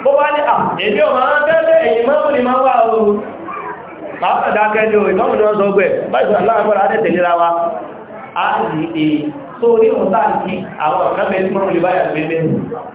bó bá ní àwọn èmi ò máa bẹ́ẹ̀ ẹ̀yìn mọ́mọ́ ni máa wà ó máa pàdé akẹ́lẹ́ o ìmọ́mù ni wọ́n sọ gbẹ̀ báyìí sọ aláàbọ̀lá adẹ́tẹ̀lera wa á sì èyí tó ní òun sáà ní àwọn ọ̀kan bẹ́ẹ̀ tí mọ́mù lè báyà gbé bẹ́ẹ̀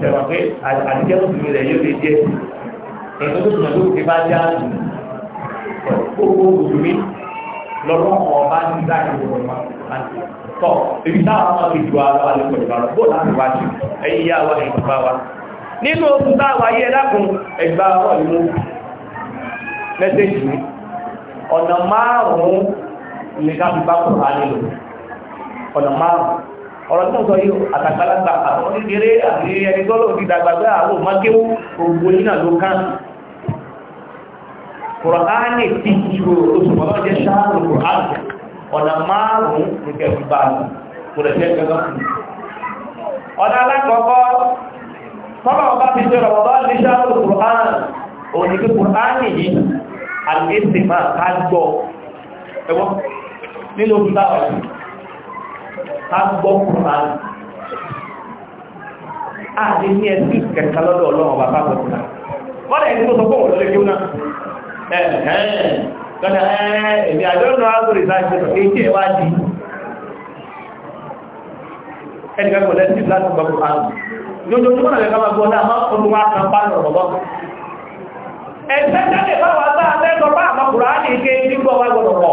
tẹ̀wà pé àdìjẹ́ tó tìmí rẹ̀ yóò lè jẹ́ ẹ̀kọ́ tó tìmọ̀ tó ti bá já gbogbo òdùmí lọ́rọ́ ọba ní láti wọ̀ ọ́ tọ́ ibi táwọn ọmọ ti ju ara wa lè pẹ̀lú ara bó láti wá sí ẹ̀yìn yá ọ̀rọ̀ tó ń sọ yóò àtàgbàlagbà àwọn onídèrè àti ẹni tọ́lọ̀ ti dàgbàgbà àwọn òmákéwú gbogbo yìí náà ló kán kùrọ̀ánì ti ju oṣù bàbá jẹ́ ṣáàrù kùrọ̀ánì ọ̀nà márùn-ún ní kẹfì bá mi kò lè fẹ́ gẹ́gẹ́ fún mi ọ̀nà alákọ̀ọ́kọ́ tọ́lọ̀ ọba ti ṣe rọ̀bọ̀ nínú òkúta ọ̀yìn ká gbọ́ kùránì àti ní ẹ̀sí kẹta lọ́dọ̀ ọlọ́run bàbá bọ̀tà wọ́n ẹni tó sọ fún òwòlọ́lẹ́ kí ó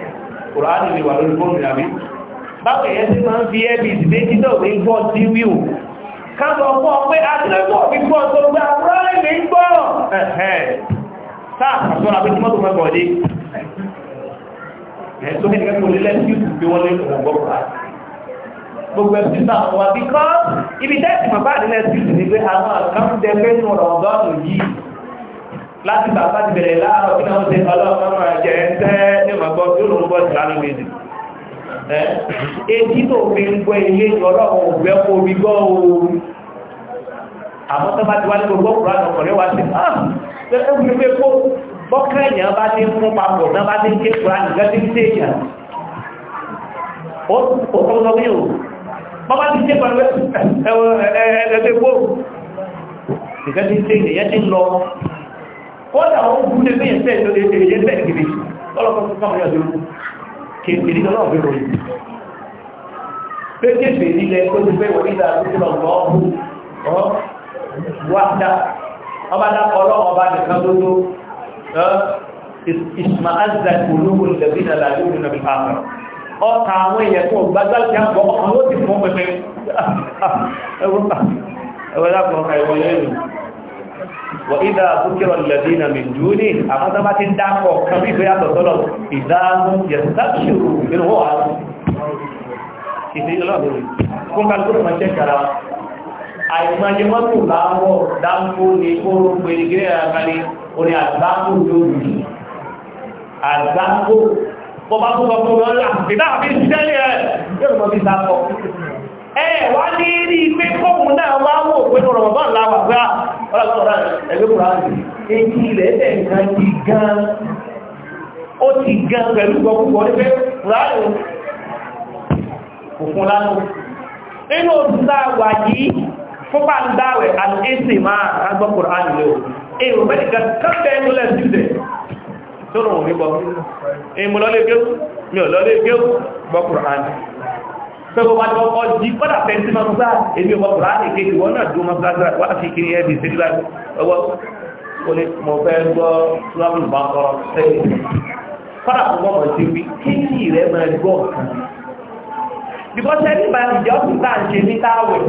kòránì lè wà lórí fóònù àbí báwo èyẹ sí máa ń fi ẹ́bì ìdílé títà òní gbọ́ sí wíwò káàkọ̀ fọ́ pé àtìlẹ́gbọ́ fi gbọ́ tó gbá ráì mi gbọ́ sáà àtúnra pé tí mọ́tò mẹ́kọ̀ọ́ dé ẹ̀ tó kẹ́kẹ́ kò lélẹ́ sí ìsìn pé wọ́n lé ọ̀gbọ́ gbogbo ẹ̀sì náà wà bí kọ́ ibi tẹ́sì mọ̀ bá nílẹ̀ sí ìsìn ní pé àwọn àkáǹtẹ́ fẹ́ láti bàbá ti bẹ̀rẹ̀ láàárọ̀ kí náà ṣe ọlọ́ọ̀kan máa jẹ́ ń tẹ́ ní màgbọ́ tí ó lòun bọ́ sí lánàá méjì etí tó fi ń gbọ́ ilé ọlọ́run ògbẹ́ kó rí gbọ́ oòrùn àwọn tó bá ti wá ní gbogbo ọkùnrin àwọn ọkùnrin wá sí ẹgbẹ́ pé kó bọ́kẹ́ èèyàn bá ní fún papọ̀ náà bá ní ké kúrò nìkan tí ṣe kọ́dà ó bú lé bẹ́yẹn bẹ́ẹ̀ lórí èyẹ bẹ́ẹ̀ gidi lọ́lọ́kọ́ tó kọ́mọ̀ yọ̀dọ̀ kéèkéèrè lọ́lọ́ fi ròyìn péjèèfè nílẹ̀ tó ti bẹ́ẹ̀ wọ̀ nígbà tó ti lọ gbọ́ ọ́ wáta ọba dákọ̀ ọlọ́ọba nìkan tó tó ìsìnmá azà olówó ìdẹ̀bí nàlá lórí nàbí pàápàá ọkà àwọn èèyàn tó gbágbá ti àgbọ̀ ọkàn ló ti fún pẹpẹ ẹwọ́n dàpọ̀ ọkà ìwọ̀nyẹ́ ìlú wọ ìdá àkókèrò lẹ́dínà mìjúní àkọ́sọ́bá ti dákọ̀ kan bí ìfẹ́ yàtọ̀ sọ́lọ̀ ìdáàmú yẹ̀sàkìrù nínú wọ́n àrùn ìdí ọlọ́dún fún kálùkù tó máa ṣẹ́ kára àìmọye mọ́tò láwọ̀ dáńkó ni ó ń pè ní gírí àkàlẹ̀ orin àgbákò lórí àgbákò bọ́ bá tó kọ́kọ́ lọ là ìdá àfi sẹ́lẹ̀ ẹ̀ yóò mọ́ bí sáfọ́ ẹ̀ wá ní rí pé kóhùn náà wá wò pé ọ̀rọ̀ ọlọ́pàá ẹgbẹ́ kùránì èyí rẹ̀ ẹ̀kan ti gan ó ti gan pẹ̀lú gbọ́gbọ́ nígbẹ́ kùránì òfun lánà inú òtútà wà yìí fún bá ń dáwẹ̀ àti èsì máa agbọ́ kùránì lẹ́wọ̀ èyí ò mẹ́rin kan kọ́pẹ́ ẹnu lẹ́ tó rùn òní bọ́ sọ́kọ́ bá jọ kọ́ jí kọ́dà fẹ́ntì máa gbá èmi ọwọ́ kùránì kéèkì wọ́n náà dúró máa gbá wá fi kiri ẹbí sí nígbà ọwọ́ ó ní mo fẹ́ gbọ́ sùlámù bá kọ́rọ́ sẹ́yìn kọ́dà kò mọ̀ sí wí kéèkì rẹ̀ máa gbọ́ kan bíkọ́ sẹ́ni máa ń jẹ́ ọ̀sùn táà ń ṣe ní táwẹ̀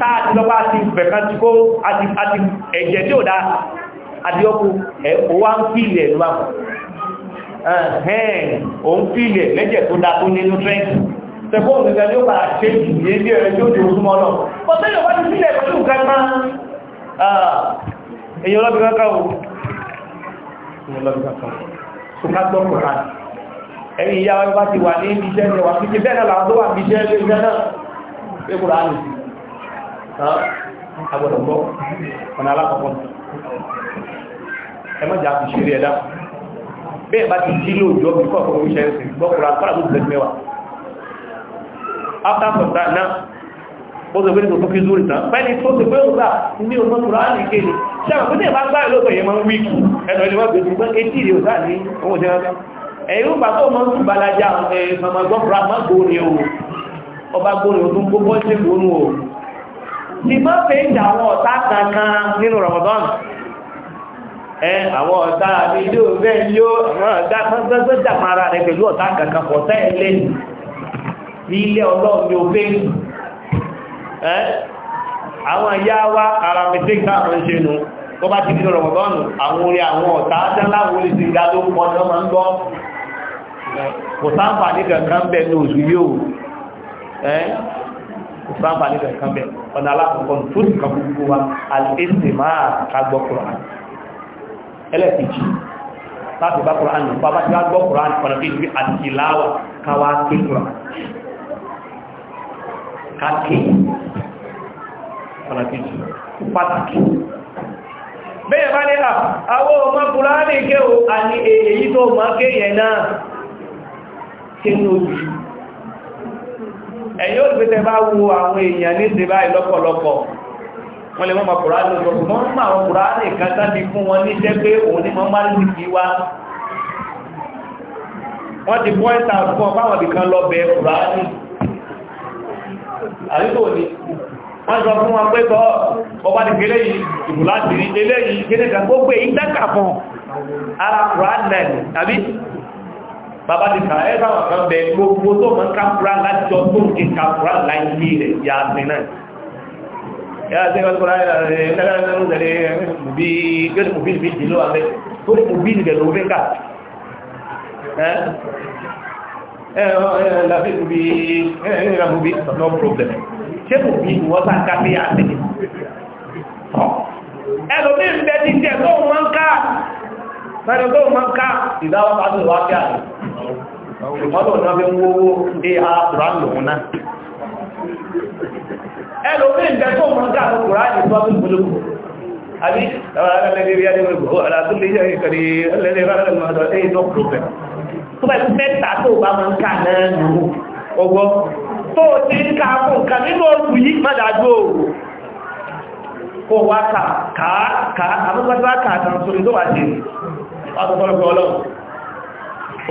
táà ti lọ́pàá àti bẹ̀ẹ̀ká ti kó àti ẹ̀jẹ̀ tí ò dáa àti ọkù ẹ̀kọ́ wá ń fìlẹ̀ lọ́pàá tẹ̀fọ́ òṣèlú ní ó bá ṣe jù ní ilé ẹ̀rẹ́ tó di òṣùmọ́ lọ bọ́ tẹ́lẹ̀ wá ti sílẹ̀ pẹ̀lú nǹkan máa èyí ọlọ́bí kankan o ẹ̀yìn ìyá wa bá ti wà ní ibi iṣẹ́ ìwà kíkẹ́ bẹ́ẹ̀ náà làwọn tó wà ní iṣẹ́ ìṣẹ́ náà pé kò láàrín agbọ̀dọ̀gbọ́ ọ̀nà alákọ̀ọ́kọ́ ẹmọ́jà fi ṣeré ẹ̀dá bẹ́ẹ̀ bá ti jí lóòjọ́ bí kọ́ọ̀kọ́ oríṣẹ́ ìsìn gbọ́kùnrin apára tó ti after some time náà ó sọ pé ní tó kí zúrì tán pẹ́ni tó sọ pé ó gbà ní ọmọ tó ráà ní kéde ṣàwọn pé ní ìbá gbá ìlú ọ̀tọ̀ yẹn máa ń wíkì ẹnu ẹni wọ́n gbé ṣùgbọ́n etí rẹ̀ ọ̀tá ní ọmọ ìjẹ́ ọjọ́ ẹ̀yìn ìgbà tó mọ́ sí balaja ọmọgbọ́nbra má gbóni o ọba gbóni o tó ń gbogbo ṣe gbónú o ti má fẹ́ ọ̀tá kankan nínú Ramadan ilé ọlọ́run ni ó fẹ́ ẹ́ àwọn ìyá wa ara mistake táwọn ṣe nù tó bá ti dínà rọ̀mọ̀dọ́nù àwọn orí àwọn ọ̀tá dánláwò lè ti dá ló pọ̀ ní ọmọ ń gbọ́ kò sáǹfà ní kankan bẹ̀ ní oṣù yóò ẹ́ kò sáǹfà ní kankan bẹ̀ ọ̀nà alákọ̀ọ́kọ́ tó ti kà gbogbo wa àlèsè máa láti bá kùrán nípa bá ti gbọ́ kùrán ọ̀nà kejì àti ìláwà káwá ké kùrán káàkì ọ̀nà kejì pàtàkì bẹ́ẹ̀ bá nílà àwọn ọmọ kùránì ké o àti èyí tó mọ́ kéyẹ náà tí ní ojú ẹ̀yìn òṣìṣẹ́ bá wo àwọn èèyàn ní ìsẹ̀bá ìlọ́pọ̀lọpọ̀ wọ́n lè mọ́mọ̀ kùránì lọ́pọ̀ mọ́ mọ́ àwọn kùránì kátà ti fún wọn ní jẹ́ pé òun ní mọ́ máa ní kí wá wọ́n ti pọ́ìntà fún ọ àríkò ní wọ́n sọ fún wọn pé tọ́ ọba ti gbélé ìbò láti rí ilé yìí gẹ́lẹ́ kan gbogbo èyí dákà fún ara kùránẹ̀ tàbí bàbá ti kà ẹ́ sáwọn kan bẹ gbogbo tó mọ́ kápùrá láti jọ tó ti kápùrá láìsí rẹ̀ yà sí náà yà sí ọkùnrin rẹ̀ ẹ̀ẹ́dẹ́gbẹ̀rún rẹ̀ bí gẹ́lẹ́ mùbí ìbí jìlọ́ àmẹ́ láfíìkù bí ẹ̀rẹ́rẹ́rẹ́rẹ́ bí no problem ṣé kò bí wọ́n bá ká bí àti ẹlòmí ń bẹ títí ẹ̀ tó máa ń ká mẹ́rin tó máa ń ká ìdáwọ́ bá tó wá bí àti ìmọ́lò náà fi ń wówó ar kùrán lòun náà ẹlòmí ń bẹ tó máa ń ká tó kùrán ìtọ́ tó gbólógbò àbí ẹ̀rọ tó mẹ́ta tó bá máa ń kà náà nù ọgbọ́ tó ti ń ka fún nǹkan nínú oṣù yìí mọ́dájú o kó wá kà kàá kàá àbúkọ́tí wá kàá tàn sórí tó wà sí ọdún ọlọ́run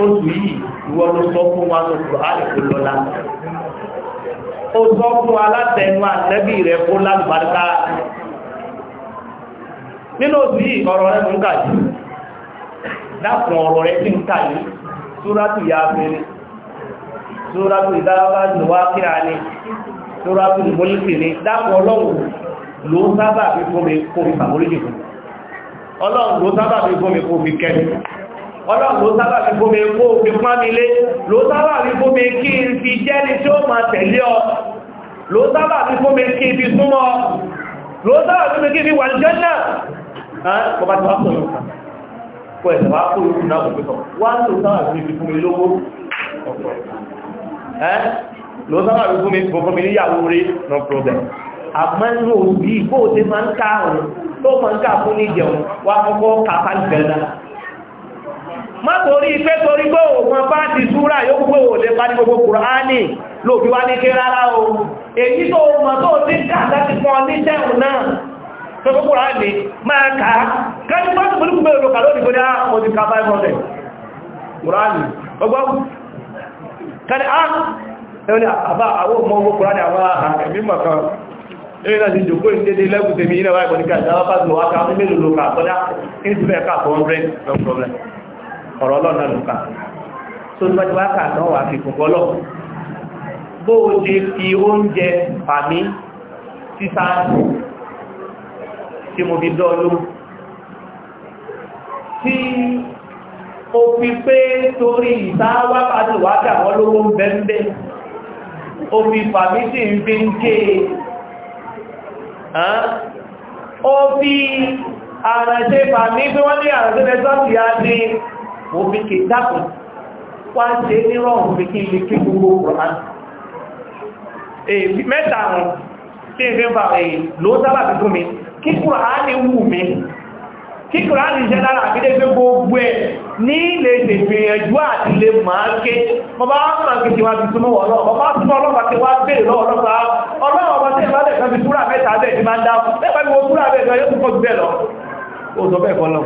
oṣù yìí ìwọ ló sọ fún wa ló sọ àlèkò lọ́la ó sọ fún alátẹnu àtẹ́bí rẹ̀ fún lálùbáríkà nínú oṣù yìí ọ̀rọ̀ rẹ̀ mú kà yìí dákun ọ̀rọ̀ rẹ̀ sí ń kà yìí súrátù Yásìn súrátù ìdáwọ́bájú wá kíra ní súrátù ìmọ́lẹ́sì ní dápọ̀ ọlọ́run ló sábà fi fún mi kó fi fàmóríjì fún ọlọ́run ló sábà fi fún mi kó fi kẹ́ ọlọ́run ló sábà fi fún mi kó fi pán mi lé ló sábà fi fún mi kí n fi jẹ́ ní tí ó máa tẹ̀lé ọ ló sábà fi fún mi kí n fi súnmọ́ ló sábà fi fún mi kí n fi wà ní jẹ́ náà kọ ẹ̀sẹ̀ wá kó ìlú náà òfin sọ wá ló sáwà sí ibi fún mi lówó ẹ́ ló sáwà fún fún mi níyàwó rí no problem àmọ́ inú òbí bó o ti máa ń ká òun tó máa ń ká fún ní ìjẹun wá kọ́kọ́ kápá ìbẹ̀rẹ̀ náà má torí pé torí pé òun bá ti súra yóò gbé òde bá ní gbogbo kùránì lòbí wá ní kí rárá o èyí tó tọ́gbọ́ kúrò ní máa ká kájú bá tó múlùkù mẹ́rin mo ti ká 500 kúránì ọgbọ́n káni á ẹni àbá àwọn ọmọ owó kúránì àwọn àmì mọ̀kan ẹni láti jòkó ìdédé lẹ́gùn tèmi ilẹ̀ wáyé kọ̀níkà ìdáwà bá tó wákà ní mélòó lókà tọ́lá ní ti fẹ́ ká 400 no problem ọ̀rọ̀ ọlọ́nà lókà tó ní wájú wákà náà wà fi kòkó lọ bó o oúnjẹ fàmí sísáàtì tí mo fi dọ́ọ̀lú tí ó fi pé torí ìsáwá pàtàkì wákà wọ́n lówó ń bẹ́m̀bẹ́ ó fi fàmísì ń fi ń ké ó fi àrẹ̀ṣẹ́ fàmí pé wọ́n ní àrẹ̀ṣẹ́ mẹ́sọ́tì á ní mo fi kè dákùn wá ṣe nírọ̀rùn fi kí ilé kí gbogbo ọ̀rán èyí mẹ́ta rùn tí ń fi ń bà èyí ló sábà fi fún mi kí kùránì wù mí kí kùránì jẹ́ lára àbídẹ́gbé gbogbo ẹ̀ ní lè ṣe gbìyànjú àti lè máa ké bọ́bá ọ̀nà kìí wá ti súnmọ́ ọlọ́run bọ́bá súnmọ́ ọlọ́run ti wá bèèrè lọ́wọ́ ọlọ́run ah, ọlọ́run ọmọ tí ìbálẹ̀ kan fi súrà mẹ́ta bẹ́ẹ̀ ti máa ń dáhùn bẹ́ẹ̀ pẹ́lú súrà bẹ́ẹ̀ kan yóò tún pọ̀ jù bẹ́ẹ̀ lọ ó sọ bẹ́ẹ̀ kọ́lọ́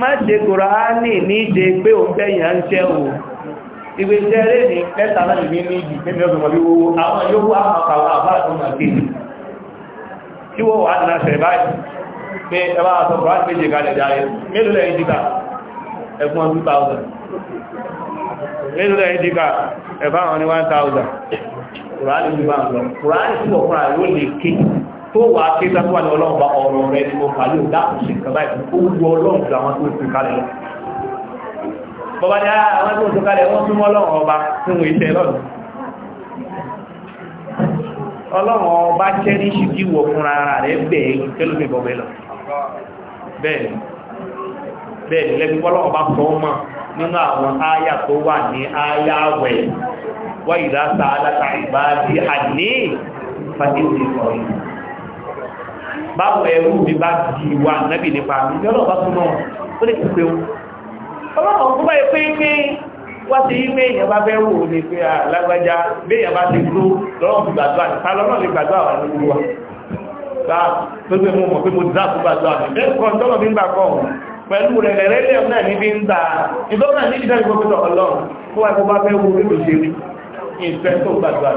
má ṣe kùránì ní ṣe pé òun bẹ́yàn ń ṣẹ́ òun ìwé iṣẹ́ rẹ̀ ní mẹ́ta láti ní ní ìdí tí wọ́n wà náà ṣẹ̀ báyìí pé ẹwà àtọ́ brand méje kalẹ̀ járe mélòó lẹ́yìn díkà ẹgbọ́n 2000 mélòó lẹ́yìn díkà ẹ̀bá wọn ni 1000 kùránì bí wọn lọ kùránì tí wọ́n fúnra yóò lè ké tó wà ké sáfúwà ní ọlọ́run bá ọ̀rọ̀ rẹ̀ ni mo fà ló dákùnṣe kaba ìfún ó wu ọlọ́run ju àwọn tó fi kalẹ̀ lọ bọ́bá ní ah, àwọn tó fi kalẹ̀ wọ́n súnmọ́ ọlọ́run ọba fún ìtẹ́ lọ́dún ọlọ́run ọba cherish kí wọ fúnra rẹ̀ bẹ́ẹ̀ kẹlómi bọ̀bẹ̀ lọ bẹ́ẹ̀ bẹ́ẹ̀ lẹ́bí ọlọ́run ọba sọ mọ́ nínú àwọn áyà tó wà ní áyà wẹ̀ wá ìdásá aláta ìbáàdí àní fàdíìsì ìkọ̀rin báwo ẹrú mi bá di wa nábì nípa mi ọlọ́run ọba súnmọ́ ó lè wá sí ilé èèyàn bá fẹ́ wò ní pé alágbájá léèyàn bá ti gbó lọ́wọ́ fi gbàdúrà ní ta lọ́nà lè gbàdúrà wà nínú wa ta tó gbé mo mọ̀ pé mo dá fún gbàdúrà ní bẹ́ẹ̀ kọ́ tọ́lọ̀ bí ń gbà kọ́ pẹ̀lú rẹ̀ lẹ́rẹ́ lẹ́yìn náà ní bí ń ta ìdọ́nà ní ìdá ìgbọ́ pẹ̀lú ọlọ́run tó wà kó bá fẹ́ wo nínú ṣe wá gbàdúrà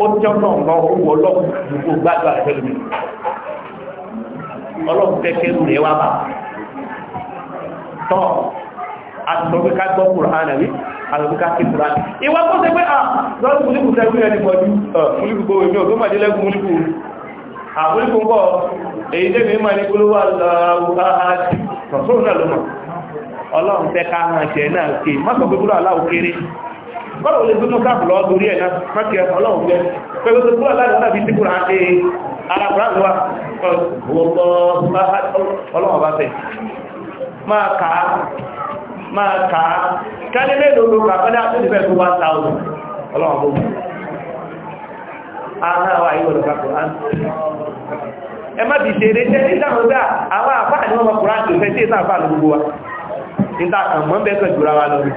ó jẹ́ ọ̀nà ọ̀gbọ́n owó ọlọ́run gbogbo gbàdúrà ẹ̀fẹ́ ọlọ́run kẹ́kẹ́ rú rẹ̀ wá bà tọ́ àtìsọ́gbé ká gbọ́ kùránà rí àtìsọ́gbé ká kí kùránà ìwà tó ṣe pé ah, à lọ́rún múlùkù tẹ́gbé ẹni pọ̀jú múlùkù gbogbo èmi ògbó màdílẹ́gùn múlùkù àmúlùkù ń bọ̀ èyí tẹ́mi ma ní kúlówó aláwọ̀ bọ́lọ̀ olè gbínú káàkù lọ lórí ẹ̀ náà mọ́kí ẹ̀ ọlọ́run jẹ́ pẹ̀lú tó kúrò láti láti tí kúrò àti arábùráwà ọlọ́run bá tẹ̀ máa kàá máa kàá kálé mélòó ló kàkọ́dá tó ti fẹ́ tó 1000 ọlọ́run bó àháwà ìwọ̀n kàkọ́ ẹ má ti ṣeré jẹ́ ìdáhùndá àwọn àfáà ní wọ́n mọ̀ kùrán fẹ́ sí ìtàfà lórí gbogbo wa ìtàkàn mọ́ bẹ́ẹ̀ kàn wa lọ́rùn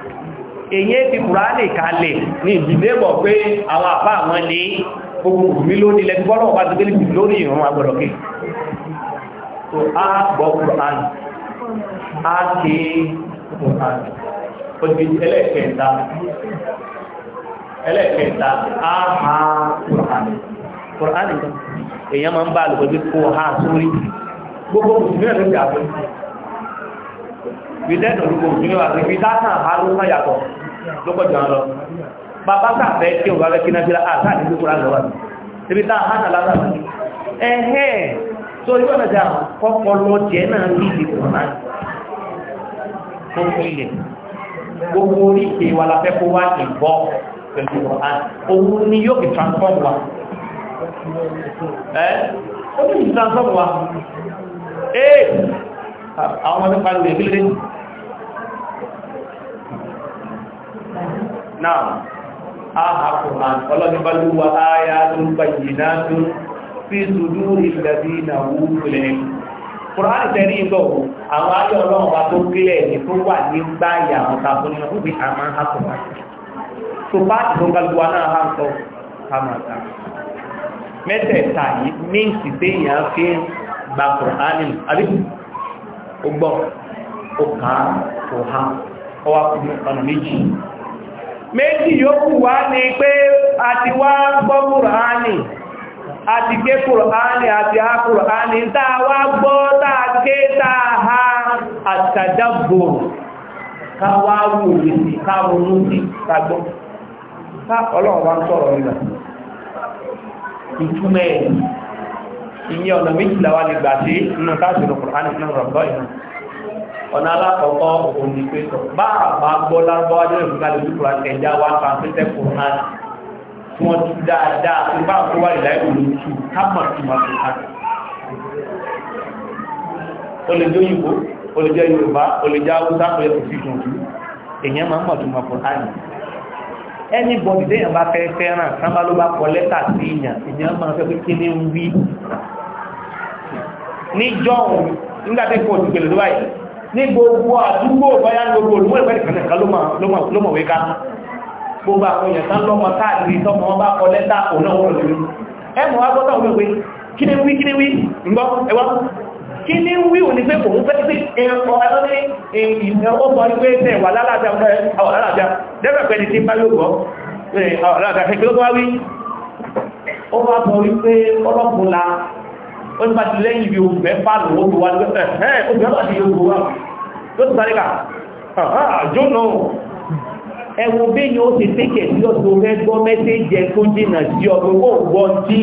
èyí ti kùránì kalẹ̀ ní ìdílébọ̀ pé àwọn àbá àwọn lè gbogbo mi lónìí lẹ́gbẹ́ bọ́lọ̀ bá ti gbélé lórí ìrún agbọ̀dọ̀ kí so a gbọ́ kùránì a ké kùránì òtí ẹlẹ́kẹta ẹlẹ́kẹta a gbogbo mùsùlùmí ẹ̀rọ ìjà ìdẹ́nà olùkọ́ òsùnmí wà pé ibi tá lọ́pọ̀jọ lọ bàbá sàfẹ́ kí o bàbá kí náà fíra àtà ní gbogbo àgbà wàbí ibi tá hàn àlára wàbí ẹ̀hẹ́ tó rí bọ́nà jà kọ́kọ́ lọ jẹ́ náà ní ìdìbò náà gbogbo ilẹ̀ gbogbo orí ìpè wà láfẹ́ kó wá ìbọ́ pẹ̀lú ọ̀hán òun ni yóò fi transform wa ẹ́ ó ní transform wa ee àwọn ọmọdé parí rẹ̀ náà aha Qur'an ọlọ́nibálú wa ayá tó ń bàyì náà tó fi sùdú ìlàbí na wúlẹ̀ Qur'an tẹ́rí ìgbọ̀ àwọn ayé ọlọ́run wa tó kílẹ̀ ní tó wà ní gbáyà àwọn tàbí nínú ó fi àmà ha Qur'an tó bá ti tó ń kálukú wa náà Qur'an àbí ó gbọ́ ó kà á kò ọ̀nà méjì méjì yòókù wá ní pé a ti wá gbọ́ kùránì a ti gbé kùránì àti a kùránì táa wá gbọ́ táa ké táa ha àtàdàbòrò káwá wò lè sí káwọn olóòtí kagbọ́ ká ọlọ́run wá ń sọ̀rọ̀ nígbà ìtumẹ̀ ìyẹn ọ̀nà méjìlá wá lè gbà sí inú káàkiri kùránì náà rọ̀gbọ́ ìnáà ọ̀nà alákọ̀ọ́kọ́ òun ni pé bá àpá gbọ́ lárúbáwá jẹ́ ìlú kálí ojú kura ẹ̀já wa fa pẹ́tẹ́ fún ha tí wọ́n tú dáadáa tí bá kó wà nílá ìlú tù ká mọ̀ sí ma fi hàn. ó lè jẹ́ òyìnbó ó lè jẹ́ yorùbá ó lè jẹ́ haúsá ó lè kò sí ìdùn òbí èèyàn máa ń mọ̀ sí fẹ́ fẹ́ràn sábà ló bá kọ lẹ́tà sí ìyàn èèyàn máa fẹ́ pé kí ní ń wí níjọ́ òun nígbà tí kò tìgbèlè ló báyìí ní gbogbo àdúgbò báyá gbogbo olùmọ̀ ìpẹ́ nìkan nìkan ló mọ̀ wé ká gbogbo àwọn èèyàn tán lọ́mọ káàkiri tọ́mọ wọn bá kọ lẹ́tà òun náà wọ́n lórí ẹmọ̀ wá gbọ́tọ̀ òun pé kí kini wí kí ni wí ǹgbọ́ ẹwà kí ni wí ò ní pé òun fẹ́ sí ẹ̀kọ́ alọ́ní ìfẹ́ ní pé tẹ̀ wà lálàájá dẹ́bẹ̀pẹ́ ni tí bá yóò gbọ́ ọ̀làájá ẹgbẹ́ ló wá wí ó wá bọ̀ wípé ọlọ́pùn la ó ti bá ti lẹ́yìn ibi oṣù mẹ́fà lòwó tó wá ní ẹ̀ẹ́ oṣù mẹ́fà ti yóò wá tó ti sáré kà jóná ẹwọ bí ni ó ti tẹ́kẹ̀ sí ọ̀tọ̀ fẹ́ gbọ́ mẹ́sẹ́jẹ tó jìnà sí ọdún ó gbọ́ tí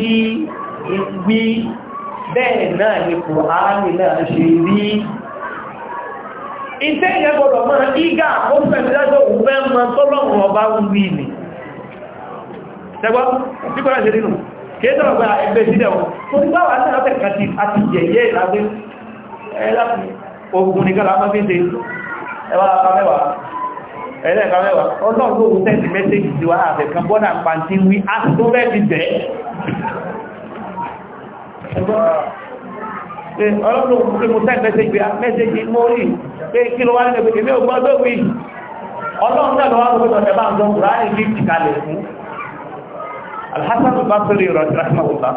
wí bẹ́ẹ̀ náà gbọ́dọ̀ mọ́ ìgá ó fẹ̀mí lọ́jọ́ mọ́ tọ́lọ́run ọba wí ni ṣẹgbọ́n tí kọ́lá ṣe nínú kéèdọ̀ gba ẹgbẹ́ sílẹ̀ wọn tó ti bá wà ní ọ̀tẹ̀ kan ti àti yẹ̀yẹ́ ìlàgbé ẹlẹ́pù ogun nìkan lámọ́ fi ń ṣe ẹwà àkàmẹ́wàá ẹlẹ́kàmẹ́wàá ọlọ́run ló wùn tẹ́sì mẹ́sẹ̀jì sí wa àfẹ́kan bọ́nà pàntí wí á tó bẹ́ẹ̀ ti bẹ́ẹ̀ ọlọ́run ló wùn tẹ́sì mẹ́sẹ̀jì mẹ́sẹ̀jì mórí pé kí ló wá nílẹ̀ pé èmi ò gbọ́dọ̀ wí ọlọ́run náà lọ́wọ́ الحسن البصري رحمه الله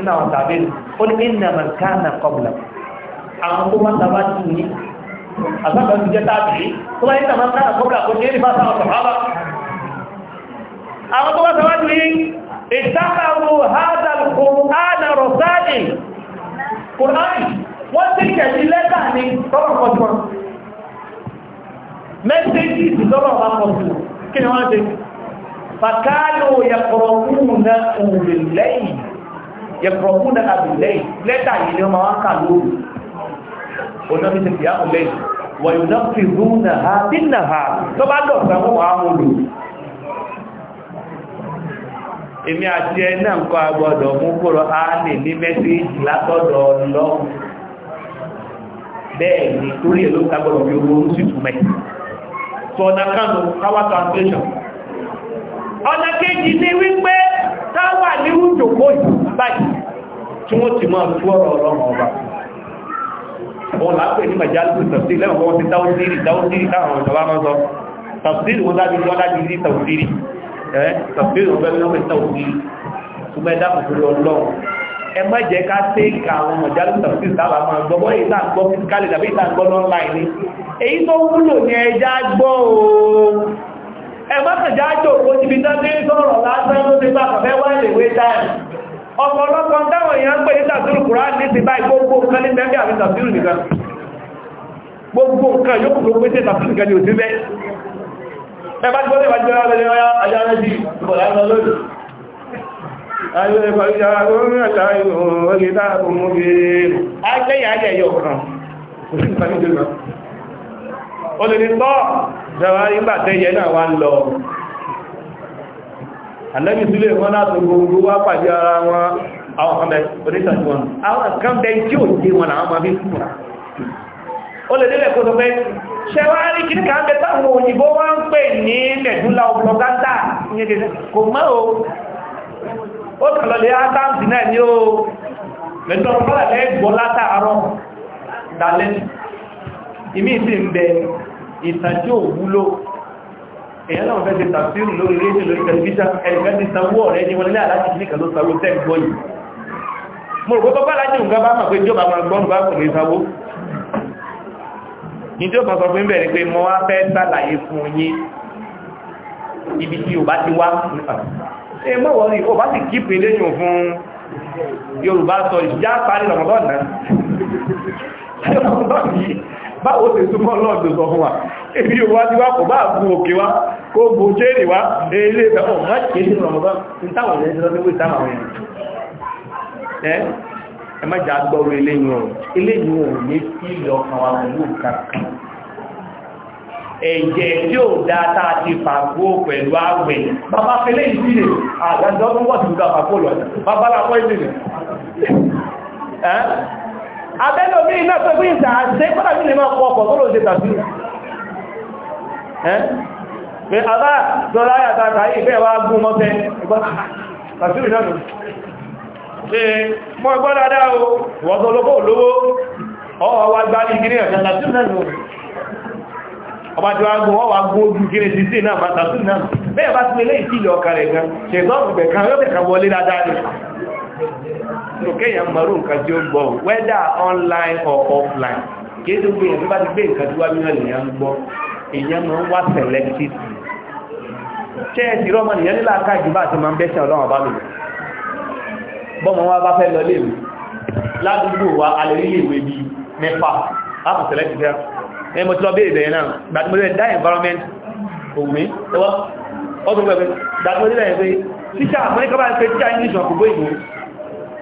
إنه وتعبير قل إن من كان قبلك أعطوما تباتيني أصبح أن تجد تعبيري قل إن من كان قبلك قل إن فاسا وصحابا أعطوما تباتيني اتخذوا هذا القرآن رساني قرآن وتلك جلتاني طبعا قصوان مسجد طبعا قصوان كيف fàkánù yẹ̀kọ̀rọ̀kúnà òrìlẹ́yìn yẹ̀kọ̀rọ̀kúnà àbìlẹ́yìn lẹ́tà yìí ni wọ́n máa ń kà lóòrù onáfíìsì fìyà òlẹ́yìn wọ̀nyí náà fi rúnà ha dínà ha tó bá dọ̀fẹ́ wọ́n wà mú lò èmi àti ẹ translation ọ̀nà kejì ní wípé táwà ní ìjòkó báyìí tí wọ́n ti máa tú ọ̀rọ̀ ọlọ́run ọba wọn lápẹ̀ ní màjálùkù tafsiri lẹ́wọ̀n wọ́n ti tafsiri tafsiri táwọn ọ̀jọ̀wá máa sọ tafsiri wọn dájú lọ́dá jù sí tafsiri ẹ́ tafsiri wọn bẹ́ẹ̀ lọ́pẹ̀ tafsiri ṣùgbọ́n ẹ̀dá kòkòrò ọlọ́run ẹ má jẹ́ ká sí ìka àwọn màjálùkù tafsiri táwà máa gbọ́ bọ́ ìta gbọ́ fisikálì tàbí ìta gbọ́ lọ́nláìní èyí tó wúlò ní ẹja gbọ́ ooo ẹ̀mọ́kànjá jòkó ti fi dábí sọ́rọ̀ lásán ló ti pàkà fẹ́ wá ìlèwé táì ọ̀pọ̀lọpọ̀ táwọn èèyàn ń pè ní tàbílù kùrá ní ti bá gbogbo nǹkan ní mẹ́bí àmì tàbílù nìkan gbogbo nǹkan yóò kò pé tẹ́ tàbílù nìkan ní òsí mẹ́ ẹbá tí wọ́n lè wájú ara lẹ́yìn ọya ajá méjì bọ̀lá lọ lónìí ayé ẹ̀kọ́ ìjà dáwà nígbà tẹ́yẹ náà wá ń lọ ànábì sílé wọn láti gbogbo wá pàdé ara wọn àwọn kan bẹ oníṣàjú wọn àwọn kan bẹ tí ò dé wọn àwọn máa fi fúnra ó lè délẹ̀ kó sọ pé ṣẹwárí kí ká bẹ táwọn òyìnbó wá ń pè ní lẹ̀dúnlá ọ̀pọ̀lọ́gátà kò mọ́ o ó kàlọ̀ lè ìmí ìsìn bẹ̀rẹ̀ ìtàn tí ò wúlò èyàn náà fẹ́ ti tàbírù lórí rédíò lórí tẹlifíṣàn ẹ̀ẹ̀kan ti sanwó ọ̀rẹ́ ní wọlé aláti ní kàló sanwó tẹ́ gbọ́ yìí mo rò pé bọ́bá láti nǹkan bá mọ̀ pé jọba máa gbọ́n bá kò ní sanwó ní tí ó kàn sọ fún bẹ̀rẹ̀ pé mo wá fẹ́ sàlàyé fún yín ibi tí ò bá ti wá ẹ mọ́ wọ́n rí ò bá sì kíp eléyìn fún Yorùbá sọ ìjà parí lọ́mọdọ́ náà (laughs) báwo sì túnmọ́ lọ́dún sọ fún wa wá kò bá òkè wa kó jẹ́rì wá ilé ti ẹ̀jẹ̀ tí ó dáa ti fàgbó pẹ̀lú àwẹ̀ bàbá fẹ́lẹ́ ìsílẹ̀ àgbàjọ́ ọdún wọ́n ti gbà abẹ́lómi náà tó gbíyìn tàà ṣe kọ́lá mi lè máa kọ ọkọ̀ tó ló ṣe tàbí ẹ́ pé àbá tọ́lá àyàtà tàí ìfẹ́ wá gún mọ́fẹ́ tàbí náà ṣe mọ́ ẹgbọ́n dáadáa o wọ́n tó lọ́pọ̀ olówó ọwọ́ wá gbá ní gírí ọ̀sán tàbí náà ọba tí wá gún wọ́n wá gún ojú gírí sí sí náà tàbí náà bẹ́ẹ̀ bá ti lé ìtìlẹ̀ ọkà kéèyàn mọ̀rú nǹkan tí ó gbọ́ online or offline kéèdè gbé ìrìnbá ti gbé nǹkan tí wá mìíràn lèyàn gbọ́ èyàn máa ń wá selective ṣé rọ́mọ nìyẹn nílá ká bá ti wa bá fẹ́ lọ léèwé ládùúgbò wa alẹ́ nílé ìwé bíi mẹ́fà láti ẹ mo ti lọ béèrè bẹ̀rẹ̀ náà gbàtí mo dá environment ẹwọ́ ọdún gbàtí mo pé tíṣà ní kọ́ bá ń pe tíṣà English ọ̀pọ̀ ìgbò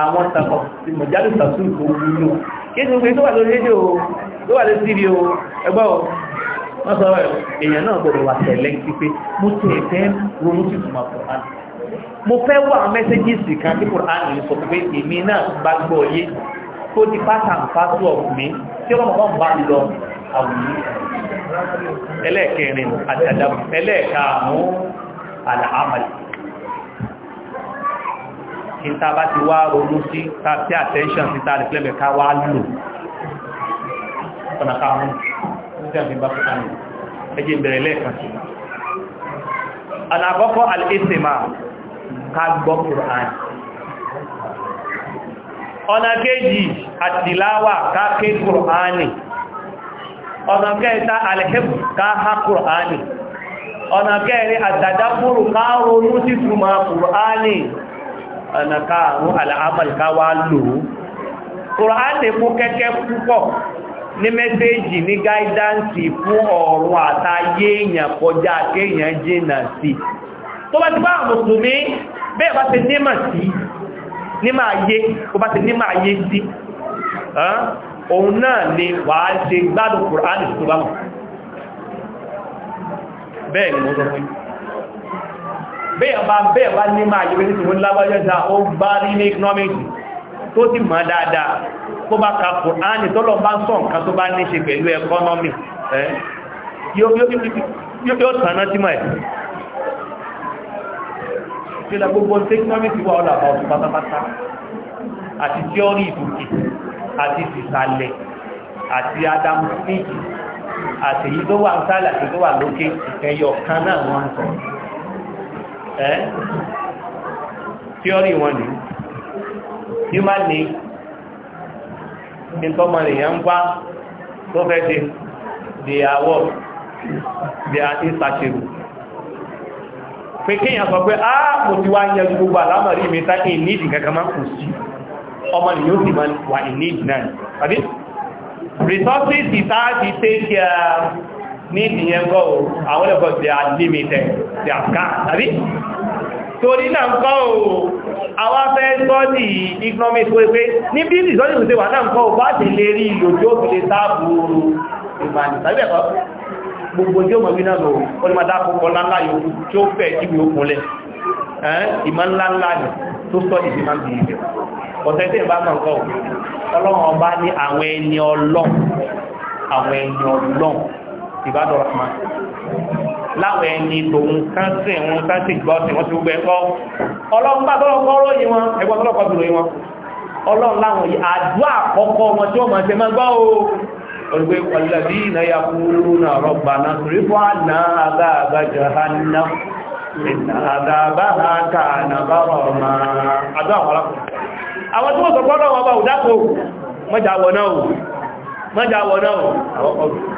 àwọn tàkọ̀ ti mọ̀jálù tàṣù tó wúlò kí tí ó gbé tó wà lórí rédíò tó wà lórí síbi o ẹgbọ́ o wọ́n sọ èèyàn náà gbọ́dọ̀ wà tẹ̀lé pípé mo ti ẹ̀fẹ́ ronú sí ìtumọ̀ Quran mo fẹ́ wà mẹ́sẹ́gìsì kan tí Quran ń sọ pé èmi náà bá gbọ́ yé tó di pátá pátó ọ̀f mi tí ọlọ́mọ kan bá ìta bá ti wá ronú sí tàbí attention sí tàbí pẹ́lẹ̀bẹ̀ ká wá lò ọ̀nà káwọn ìjọba bá fún àmì ẹjẹ́ ìbẹ̀rẹ̀ lẹ́ẹ̀kan sí ọ̀nà àkọ́kọ́ alẹ́sẹ̀mà ká gbọ́ Qur'an ọ̀nà kejì àtìláwà ká ké Qur'an kẹta alẹ́hẹ́bù ká há Qur'an ọ̀nà kẹrin àtàdáfúrù ká ronú sí túnmà Qur'an ọ̀nà káàrún àlàámàlìká wá lòó kùránì mú kẹ́kẹ́ púpọ̀ ní mẹ́sẹ́jì ní gáídáǹsì fún ọ̀run àtayé èèyàn kọjá kéèyàn jìnà sí tó bá ti bá mùsùlùmí bẹ́ẹ̀ bá ti nímà sí nímà ayé tó bá ti nímà ayé sí òun náà ni wàá ṣe gbádùn kùránì tó bá mọ̀ bẹ́ẹ̀ ni mo sọ fún yìí bẹ́ẹ̀ bá bẹ́ẹ̀ bá ní máa yẹ́ sí wọ́n lábájọ́ta ó bá ní ní economics tó ti mọ̀ dáadáa tó bá ka Kùránì tọ́lọ̀ bá sọ nǹkan tó bá ní ṣe pẹ̀lú economy yóò tànà tí mọ̀ ẹ̀ tí ó gbogbo economics wà ọ́lá bá ọdún pátápátá àti tíọ́rì ìbùkì àti ìsàlẹ̀ àti Adam Smith àti èyí tó wà ń sálẹ̀ àti tó wà lókè ìkẹyọ̀ kan náà wọ́n ń sọ̀rọ̀ ẹ́ tíọ́rì wọn ni human need ìtọ́mọ nìyẹn ń gbá tó fẹ́ ṣe di àwọ̀ di àti ìsàṣẹ̀rù pé kéèyàn sọ pé áà mo ti wá yanjú gbogbo àlámọ̀rí mi tá kí nídìí kankan máa kù sí ọmọ nìyẹn ó sì máa wà ní nídìí náà resources ìta ti take care uh, ní ìyẹn kọ́ o àwọn ẹ̀kọ́ ti à limited ti à ká tàbí torí náà ń kọ́ o àwọn afẹ́ sọ́dì economic way pé ní bí ìsọ́dì tó ṣe wà náà ń kọ́ o bá ti lè rí ìlò tí ó fi lè sáàbù ìmàní tàbí ẹ̀kọ́ gbogbo tí ó mọ̀ bí náà lò ó ní máa dákọ̀ kọ́ láńlá yòókù tí ó ọlọ́run ọba ní àwọn ẹni ọlọ́run àwọn ẹni ọlọ́run ìbádọ̀ rahman láwọn ẹni tòun káńsìn wọn káńsìn gbọ́sìn wọn ti gbogbo ẹ̀kọ́ ọlọ́run bá tọ́lọ́kọ́ ròyìn wọn ẹ̀kọ́ tọ́lọ́kọ́ bí ròyìn wọn ọlọ́run láwọn yìí àdúrà àkọ́kọ́ wọn tí ó mọ̀ ṣe máa gbọ́ o olùgbé ọ̀lẹ́bí iná ya kúrú náà rọ́gbà náà torí fún àná àgbààgbà jahanna ìnà àgbààgbà àkà ànàbà ọ̀mà àdúrà àkọ́lọ́kọ́ àwọn tí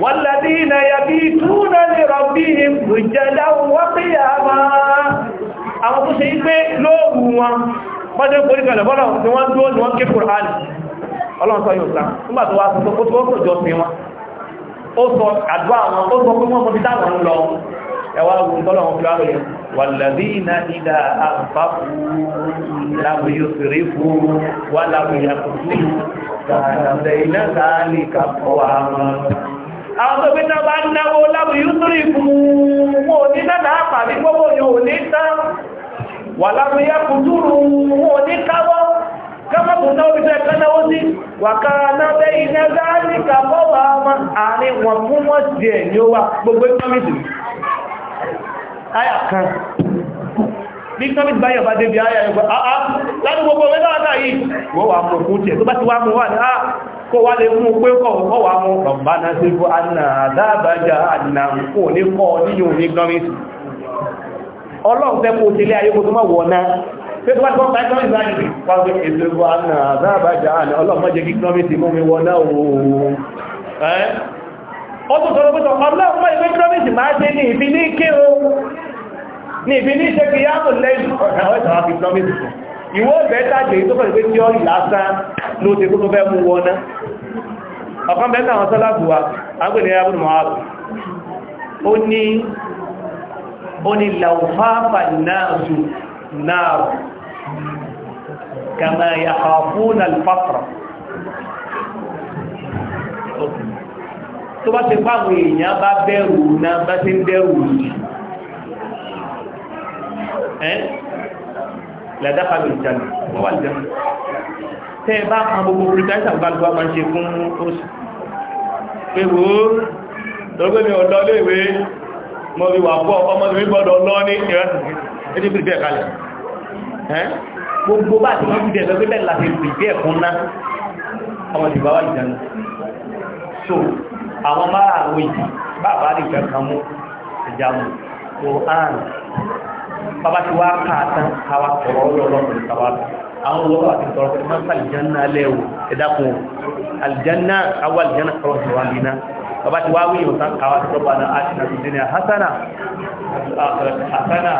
والذين يبيتون لربهم سجدا وقياما àwọn tó ṣe ń pé lóòrù wọn bọ́jọ́ ìpòrí kan lọ́bọ́lọ́ tí wọ́n dúó ní wọ́n ké kùránì ọlọ́run sọ yóò sáà nígbà tó wá sọ tó tó jọ sí wọn ó sọ àdúrà wọn ó sọ pé wọ́n mọ́ ti dáwọn kàdà bẹ̀yìnà láàrín kàfọwà wọn. àwọn tó gbéná bá náwó lábùyú sórí fún wọn ò ní dáadáa àpàdé gbogbo yóò ò ní tán wà lábúyẹ́ kùtùrù wọn ò ní káwọ́ kámọ́kù náà bí fẹ́ kánáwó sí wà kàdà bẹ̀yìnà láàrín kàfọwà wọn àárín wọn fún wọn jẹ ní ó wà gbogbo ẹgbẹ́ bí kọ́mìtì báyọ̀ bá débi ayà ẹgbẹ́ àá láti gbogbo ọmọ ẹgbẹ́ yìí wọ́n wà mọ̀ fún tiẹ̀ tó bá ti wá mú wà ní àá ah, kó wá lè mú pé kọ̀ wọ́n wà mú ọ̀bá náà sí fún àná àdábàjá àdínà kò ní kọ́ níyùn ní gọ́mìtì ọlọ́run fẹ́ kó tilé ayé kó tó má wọ̀ náà pé tó bá ti wọ́n pa ẹgbẹ́ ìgbà yìí wọ́n fi ètò ìgbà àná àdábàjá àná ọlọ́run mọ́jẹ́ kí gọ́mìtì mú mi wọ náà ó tún sọ lọ́pẹ́tọ̀ ọlọ́run mọ́ ìwé gọ́mìtì máa ṣe ní ìfi ní kí o ní ibi ní ṣe kí yàmù lẹ́yìn ọ̀nà ọ̀ẹ́sà wá fi plọ́mì tuntun ìwọ bẹ́ẹ̀ tàjẹ̀ tó kọ̀lẹ̀ pé tí ọ́ ìlàsán ló ti kó tó fẹ́ mú wọná ọ̀kan bẹ́ẹ̀ náà sọ́láàbù wa agbẹ̀lẹ̀ yàbùn mọ́àbù ó ní ó ní làwùfáàfà bá ṣe pàwọn èèyàn bá bẹ̀rù náà bá ṣe ń bẹ̀rù yìí lẹ́dàkàlù ìjànà wọ́n wà lẹ́dàkàlù tẹ́ bá kan gbogbo pìtàṣà gbàgbà máa ṣe fún oṣù pé wò ó lọ́gbẹ́ mi ọ̀dọ́ léèwé mọ́ bí wà pọ̀ ọmọ mi gbọ́dọ̀ lọ ní ìrẹsì àwọn máa àwọn ìdí bá bá rí ìfẹ́ kan mú ìjàmù kòrán bàbá ti wá ká tán káwa sọ̀rọ̀ ọlọ́run káwa àwọn olùwọ́pọ̀ àti sọ̀rọ̀ pé máa ń sàlìjánná lẹ́ o ẹ̀dá kan àlìjánná awọ àlìjánná sọ̀rọ̀ sí wa nínà bàbá ti wá wí yóò tán káwa sọ̀rọ̀ bá náà àti nàbí dínà hasana hasana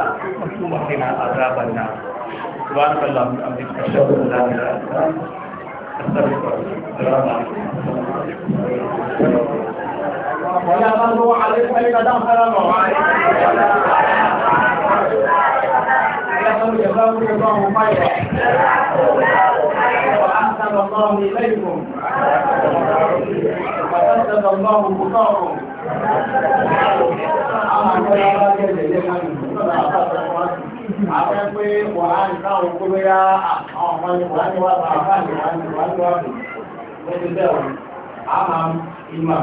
ọ̀túnmọ̀ sí na àdúrà náà سبحانك اللهم وبحمدك اشهد ان لا اله الا انت استغفرك السلام عليكم ولا مروا عليكم لقد اخر الله عليكم الله خيرا وأحسن الله إليكم وأسد الله بطاكم àwọn akọ́lá bá gẹ̀ẹ́gẹ̀ lé ń sọ́nà àpapọ̀ wọn àwọn ẹgbẹ́ wàhán táwọn kúrò yá àwọn ọmọ ìwà ní wà bá àbá ìwà ní wà ní wà ní ẹni bẹ́ẹ̀ wọn a máa ń ìmọ̀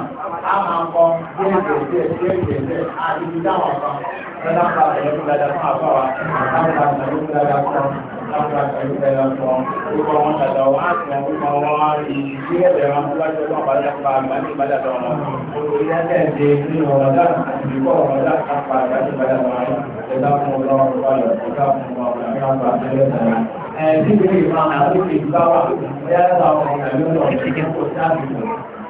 a máa ń kọ́ bí ẹlẹ́pàá ẹ̀yọ́ àti wọn orúkọ wọn wá rí sí ẹ̀bẹ̀ wọn tó bá lọ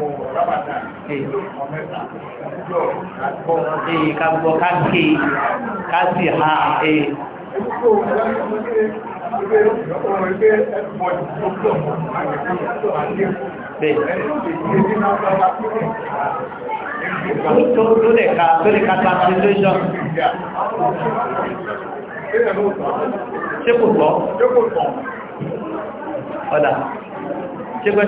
ee ká gbọ́ ká ha ee. Bẹ́ẹ̀ tó lè ka tó lè ka translation. Ṣé kò tọ́? Ọ̀dà, ṣé kò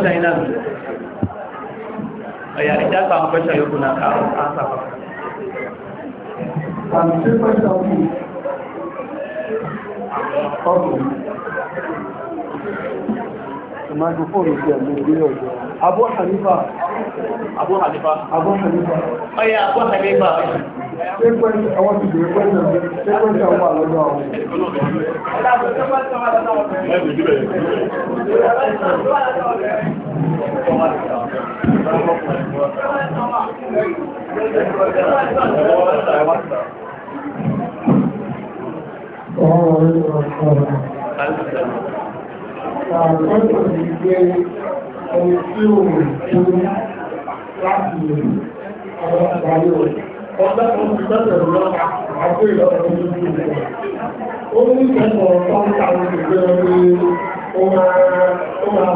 ọ̀yà ìjà sàmù pẹ́ṣẹ̀ yóò kùnà kàrọ̀ ánsà pàpà Microphone is there, maybe you're there. Abu Hanifa. Abu Hanifa. Abu Hanifa. Oh yeah, Abu Hanifa. Sequence, I want to do a question. Ó ní ìjọba ọ̀pọ̀ àwọn ìgbẹ̀rẹ̀ ó máa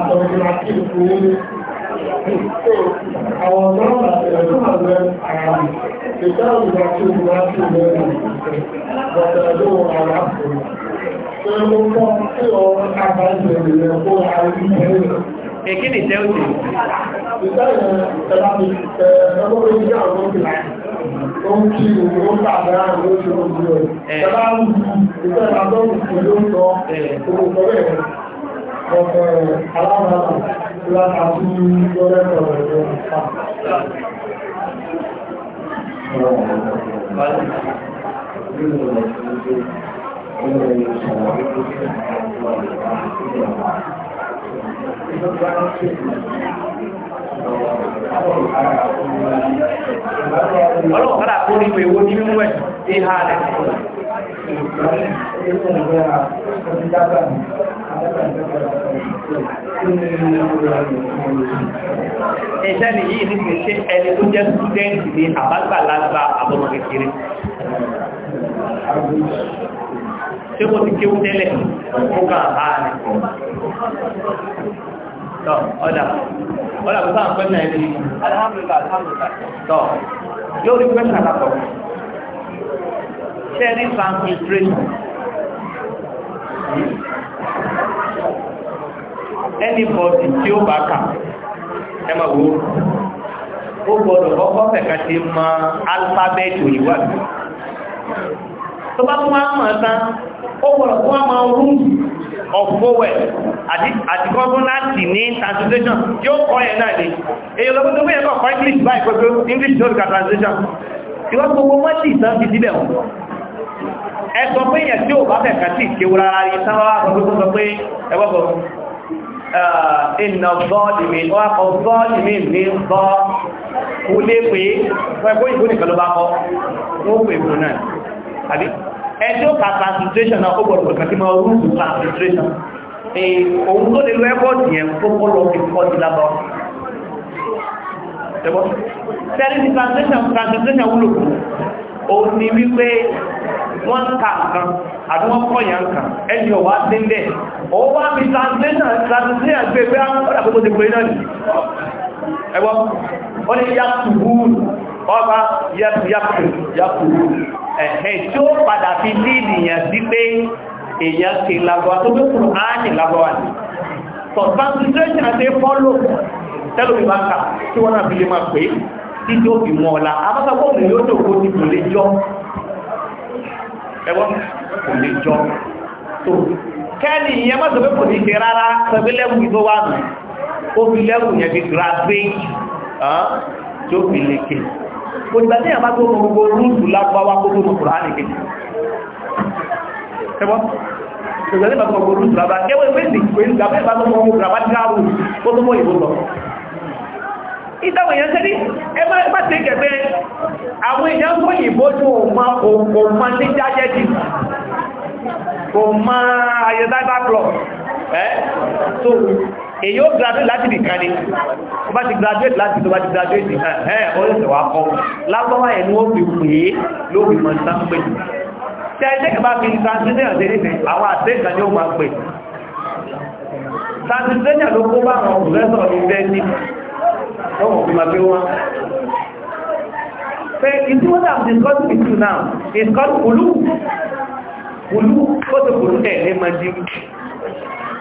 sọ ìgbìmọ̀ kí o kú ní àwọn ọ̀dọ́rọ̀ àti ẹ̀dọ́ àlẹ́ àrà ìjọ́ ìgbà tí o máa tí o lẹ́nu bọ̀tẹ̀ ẹ̀dọ́ àrà fún ṣe ó kọ́ tí ọ àbájẹ̀ ìrìnlẹ̀ kó àrí ìrìnlẹ̀ Èkíni tẹ́ òjì. Ìtẹ́lẹ̀ ẹ̀lá mi ẹgbẹ́ orí àwọn òkèlà tó ń kí ìwò ń pàdé àwọn oṣù òjò. Ẹ̀lá ń bú ìtẹ́lẹ̀ àbọ́ òkèlò ń lọ òkèlò rẹ̀ ọ̀pọ̀ aláwọ̀ láti lọ́rẹ́kọ̀ọ́ rẹ̀ kó ní ìwé ní mímú ẹ̀ ní ìhà rẹ̀. Ẹ̀ṣẹ́ ni yìí ní ṣe ẹni tó jẹ́ ṣúdẹ́ntì ní àbágbàlagbà àbọ̀mọ̀ kékeré. Ṣé kò ti kéwú tẹ́lẹ̀ fún kàn áàrin? Tọ́, ọ̀dà, ọ̀dà tó sáà pẹ́ náà ní Alhamdulillah, Alhamdulillah. Tọ́, yóò rí pẹ́ Anybody tí ó bá kà ẹmà wo ó gbọdọ̀ kọ́kọ́ fẹ̀ka ti mọ alifábẹ́ẹ̀tì òyìnbó àti tó bá tún wá mọ̀ tán ó gbọdọ̀ tún wá mọ root of vowel àti consonant ní translation tí ó kọ́ yẹn náà ni èyí lọ́gbọ́n tó gbé yẹn English by pẹ̀lú English tó lùkà translation ìwọ́n gbogbo wọ́n sì sàn fi síbẹ̀ wọn ẹ̀sọ pé èyàn tí ó bá fẹ̀kà sí ìkéwò rárá rí sáwọ́ àkọ́lùkún sọ pé ẹgbọ́gbọ́ ìnà bọ́ọ̀lìmí ọkọ̀ bọ́ọ̀lìmí ní bọ́ kú lé pé ẹgbó ìbò nìkan ló bá kọ́ wọ́n pè mú náà àbí ẹjọ́ ka concentration náà ó gbọ́dọ̀ kan tí máa rú concentration òun tó lè lo ẹ́bọ́ọ̀dì yẹn tó kọ́ lọ sí kọ́ sí lábọ́ tẹ́rí ti concentration wúlò òun ni wọ́n ń ta nǹkan àbí wọ́n kọ́yà nǹkan ẹni ọ̀wá sí ń bẹ̀ ọwọ́ wá fi translation translation gbé pé ọ̀dà pé kó ti pè náà ẹgbọ́ ó ní yakubun ọba yakubun ẹ̀hẹ́ tí ó padà fi líìdì yàn sí pé èèyàn kè lágbàwà translation àti fọ́lò tẹ́lò ìbáka tí wọ́n náà fi lè máa pè é tí tí ó fi mọ́ ọ̀la abákàkọ́ òun yóò tó kó ti tò lè jọ ẹwọ́n kò lè jọ tó kẹ́ni ìyẹn mọ́ sọpé kò ní ṣe rárá sọpé lẹ́wù tó wà nù ó fi lẹ́wù yẹn fi graduate tó fi lè ké kò nígbà tí ìyàmá tó mọ gbogbo rúùtù lágbáwá kó tó mọ kùránì ké ẹwọ́n kò nígbà tí ìyàmá tó mọ gbogbo rúùtù lágbáwá kéwọ́n ìgbésì kò nígbà tí ìyàmá tó mọ gbogbo ìtàwọn èèyàn tẹ́lẹ̀ ẹgbẹ́ ẹgbẹ́ tí kẹfẹ́ àwọn èèyàn tó yìnbó tó ma kò ma ní jájẹ́ jì kò ma ayẹ́dágbà ẹ́ tó èyí ó graduate láti di ni ó bá ti graduate láti tó bá ti graduate nìkan ẹ́ oríṣẹ̀wà kọ́ lágbọ́wà ẹ̀ ní ó fi pè é lórí mọ̀ sáńpẹ̀ tẹ́ ẹ̀ṣẹ́ kẹfà fi transmission ṣe nífẹ̀ẹ́ àwọn àtẹ́kà ni ó máa pè transmission ló kó ọmọ fi máa pé wọn. pé ìdí wọ́n dàbí discussing with you now is called kùlù kùlù ó ti kùlù ẹ̀ ní máa di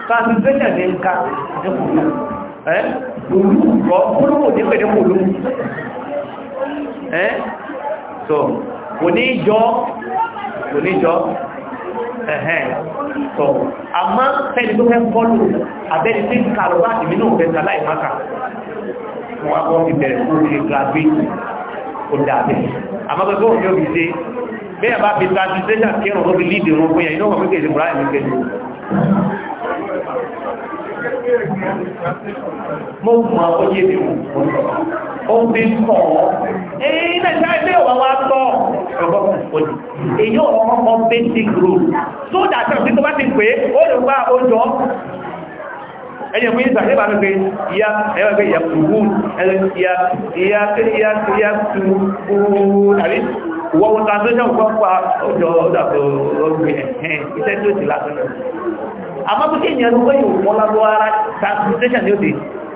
translation ní nǹka ní kùlù ẹ́ kùlù rọ kùlù ò ní pè ní kùlù ẹ́ so kò ní jọ kò ní jọ ẹ̀hẹ́n tọ̀ àmọ́ fẹ́ni tó fẹ́ fọ́lù àbẹ́ni tí ń kàrọ̀ bá ìmínú fẹ́ kàláì máa kà fún wa kọ́ ti bẹ̀rẹ̀ fún ti graduate ó dàbẹ̀ àmọ́gbẹ́gbẹ́ òun yóò fi ṣe bẹ́ẹ̀ bá fi transition kírun ó fi lead irun fún yẹn inú ọkọ̀ pé kèsì bùrá ẹ̀mí kejì mo mọ oyè mi ò fi sọ ọ èyí nàìjíríà ilé ọ̀wá wa sọ ọ̀gbọ́n òní èyí ọ̀rọ̀ ọkọ̀ basic rule so that ọ̀sìn tó bá ti pè é ó lè gba ọjọ́ ẹni ẹ̀kùn ìsà nípa pé ìyá ẹgbẹ́ ìyá kùrùn ìyá ìyá ìyá kùrùn àrí wọ́n translation pọ́pá ọjọ́ ọdàpọ̀ ọgbẹ̀ ẹ̀hẹ́n iṣẹ́ tí ó ti látọ̀ àmọ́bùkẹ́ ìyẹn ló wẹ́yìn wọ́n lábọ́ ara translation ni ó ti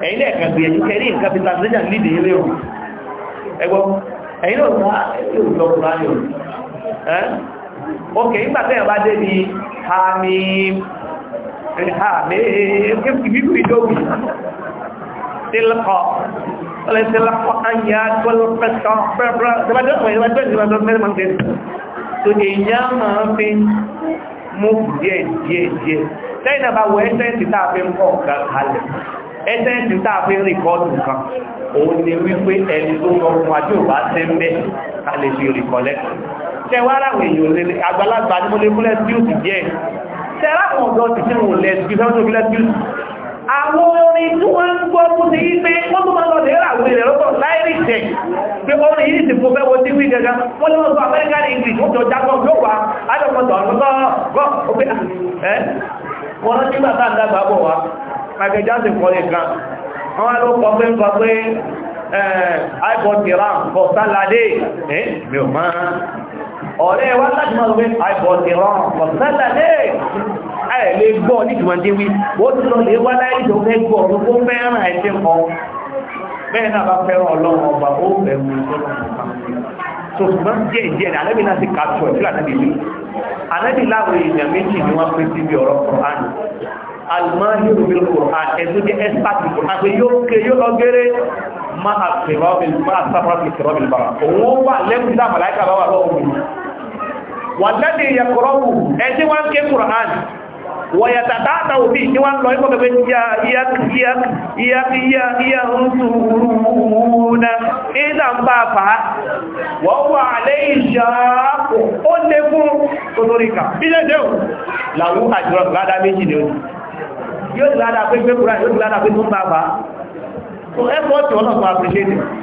ẹ̀yìn lẹ́ẹ̀kan gbìyànjú kẹrí nǹkan bí translation nídìí ilé ọ̀hún ẹgbọ́ ẹ̀yìn ló wá ẹ̀yìn ló lọ́kùnrin ayọ̀ ẹ́ ok ìgbà tẹ́yàn bá dé ní hamim ìbíbù ìdówì tilkọ̀ ọlẹ́ tilkọ̀ ayá gbọ́lọ́pẹ́tọ̀ pẹ́pẹ́ ìbájọ́ ìbájọ́ ìbájọ́ mẹ́rin tó ní ìyá máa fi mú díẹ̀ díẹ̀ díẹ̀ tẹ́yìnà bá wọ ẹ́sẹ́ǹtì tàà fi ń kọ́ ọ̀gá kalẹ̀ ẹ́sẹ́ǹtì tàà fi ń rìkọ́dù kan òun ni wípé ẹni tó lọ fún ajé ò bá tẹ́ ń tẹ́rà àwọn ọ̀dọ́ ti fi wọ́n lẹ́sí fẹ́mọ́tò fi lẹ́sí àwọn orin tí wọ́n ń gbọ́ fún ti pé wọ́n tó máa lọ lè rà wèrè lọ́tọ̀ láìrí tẹ̀ pé orin yìí ti fún fẹ́wọ́ sí wíjẹ gan wọ́n lọ́wọ́ sọ American English wọ́n jọ jágbọ́ yóò wá alẹ́kọ̀ọ́tọ̀ ọ̀gbọ́n ọ̀gbọ́n ọ̀gbẹ́ ọ̀rẹ́ wá láti máa wé àìbọ̀tì rọrùn ọ̀sẹ́lẹ̀ lè ẹ̀ lè gbọ́ ní ìjùmọ̀dé wí ó ti lọ lè wá láì tó fẹ́ gbọ́ ọ̀rún kó fẹ́ràn ẹ̀sìn kan bẹ́ẹ̀ náà bá fẹ́ràn ọlọ́run ọba ó bẹ̀rù ṣùgbọ́n díẹ̀ díẹ̀ ní alẹ́bí náà ti kàtù ẹ̀ sílẹ̀ àtẹ́bí yìí alẹ́bí láwọn èèyàn méjì ni wọ́n pè sí ibi ọ̀rọ̀ Kùránì almahiru bil Qur'an ẹ̀sùn jẹ́ expert bil Qur'an pé yóò ké yóò lọ gẹ́rẹ́ máa sàfàbí kìrọ́bìl bára òun wà lẹ́kùn wàlẹ́dì yẹ̀kọ̀rọ̀wù ẹjí wọ́n ké kùrán wọ̀yẹ̀tà tààtà òbí tí wọ́n lọ ìpọ̀ pẹ̀pẹ̀ yíya yíya yíya yíya yíya yíya ń túrúurúurúna ìdá ń bá fà á wọ́n wà alẹ́ ìṣàkó ó lé fún totorika bílẹ̀ dẹ́wù làwọn àjọ ládá méjì ni ó ní yóò ládá pé pé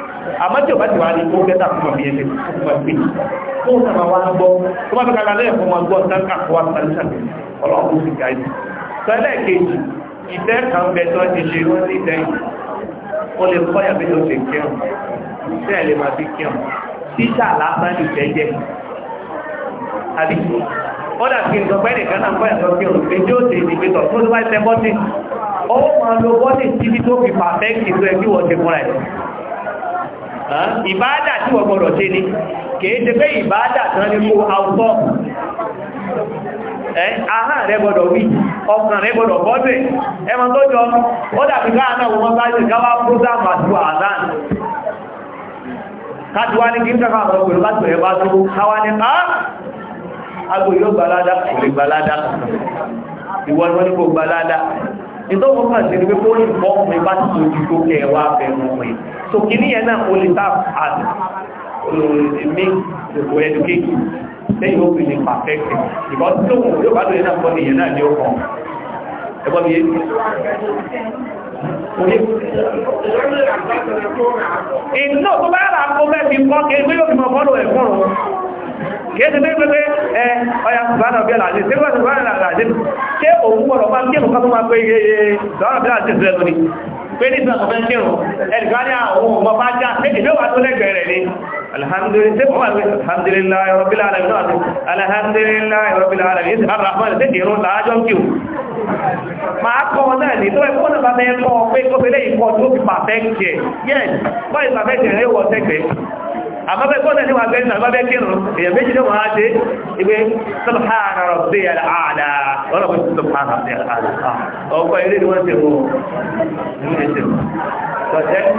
àmọ́ tí ò bá ti wà ní oúnjẹ tàbí mọ̀ bí ẹgbẹ́ ọkùnrin gbé tó ń sàmà wá gbọ́ tó bá fẹ́ka lálẹ́ ẹ̀kọ́ máa gbọ́ sáńkà kó wá sàlùsà ọlọ́run sì ga ẹ̀sìn sọlẹ̀ kejì ìfẹ́ kan bẹ tó ti ṣe wọ́n ní ìfẹ́ yìí ó lè kọ́ yàgbé tó ṣe kírun ìfẹ́ ẹ̀ lè máa fi kírun títà lásán ìfẹ́ jẹ́ àbí kọ́dà kí n sọpẹ́ nìkan náà ìbáádà tí wọ́n gbọ́dọ̀ ṣe ni kìí ṣe pé ìbáádà tán ní kó àwọ́ ahá rẹ gbọ́dọ̀ wí ọkàn rẹ gbọ́dọ̀ bọ́dẹ̀ ẹmọ tó jọ ó dàbí káàkiri wọn bá ṣe káwà prógámù àti àdán káàkiri ní kí n kàkà àwọn òkèrè láti rẹ̀ bá tó káwà ní á agbò yóò gbalada ìdánwò kan sí ni pé kó ìbọn mi bá ti sojú tó kẹ wá bẹ̀rù mi so kìíní yẹn náà o lè ta àdì olùmí òkú ẹdùkéjì lẹ́yìn òfin ní pàfẹ́kì ìbọn tó wù yóò bá lóye náà kéèdè pẹ́pẹ́pẹ́ ẹ ọya ṣùgbọ́n ọ̀bí àlàájì tí wọ́n ṣùgbọ́n àlàájì ṣé òun wọ̀rọ̀ máa ń kí ẹ̀kọ́ máa pé iye ṣùgbọ́n ọ̀bí àlàájì rẹ̀ lónìí pé ní ìgbà ọ̀fẹ́ kírùn ẹnìkan ní àwọn ọmọ bá já méjì mẹ́wàá tó lẹ́gbẹ̀ẹ́ rẹ̀ ni alhamdulillah rabbil alamin o máa kọ́ náà ní tó ẹ̀kọ́ náà bá mẹ́ẹ̀kọ́ pé kó fẹ́lẹ́ ìkọ́ tó àbábẹ́ kọ́nà ní wà bẹ́ẹ̀ ní àbábẹ́ kírùn èyàn méjì ní wọ́n á dé ìgbé subhana rabbiyal a'la wọ́n rọ̀bí subhana rabbiyal a'la ah, ọkọ̀ ilé ni wọ́n ti rú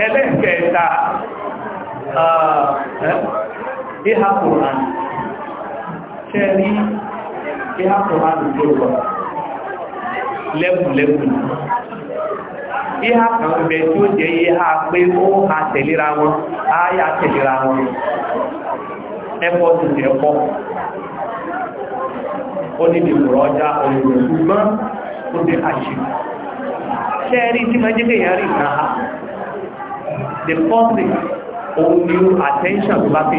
ẹlẹ́kẹta ìhà kùrán ṣẹ́rí ìhà kùrán lẹ́bùlẹ́bùlù ìhà kan bẹ tí ó jẹ́ ìhà pé ó ha tẹ̀lera wọn áyà tẹ̀lera wọn ẹ̀kọ́ ti tẹ̀ ẹ̀kọ́ ó ní ìgbòrò ọjà òyìnbó ṣùgbọ́n ó dé àṣì ṣẹ́rí tí mẹ́jẹ́dẹ̀ yẹn rí náà the public òun ni attention tó bá fi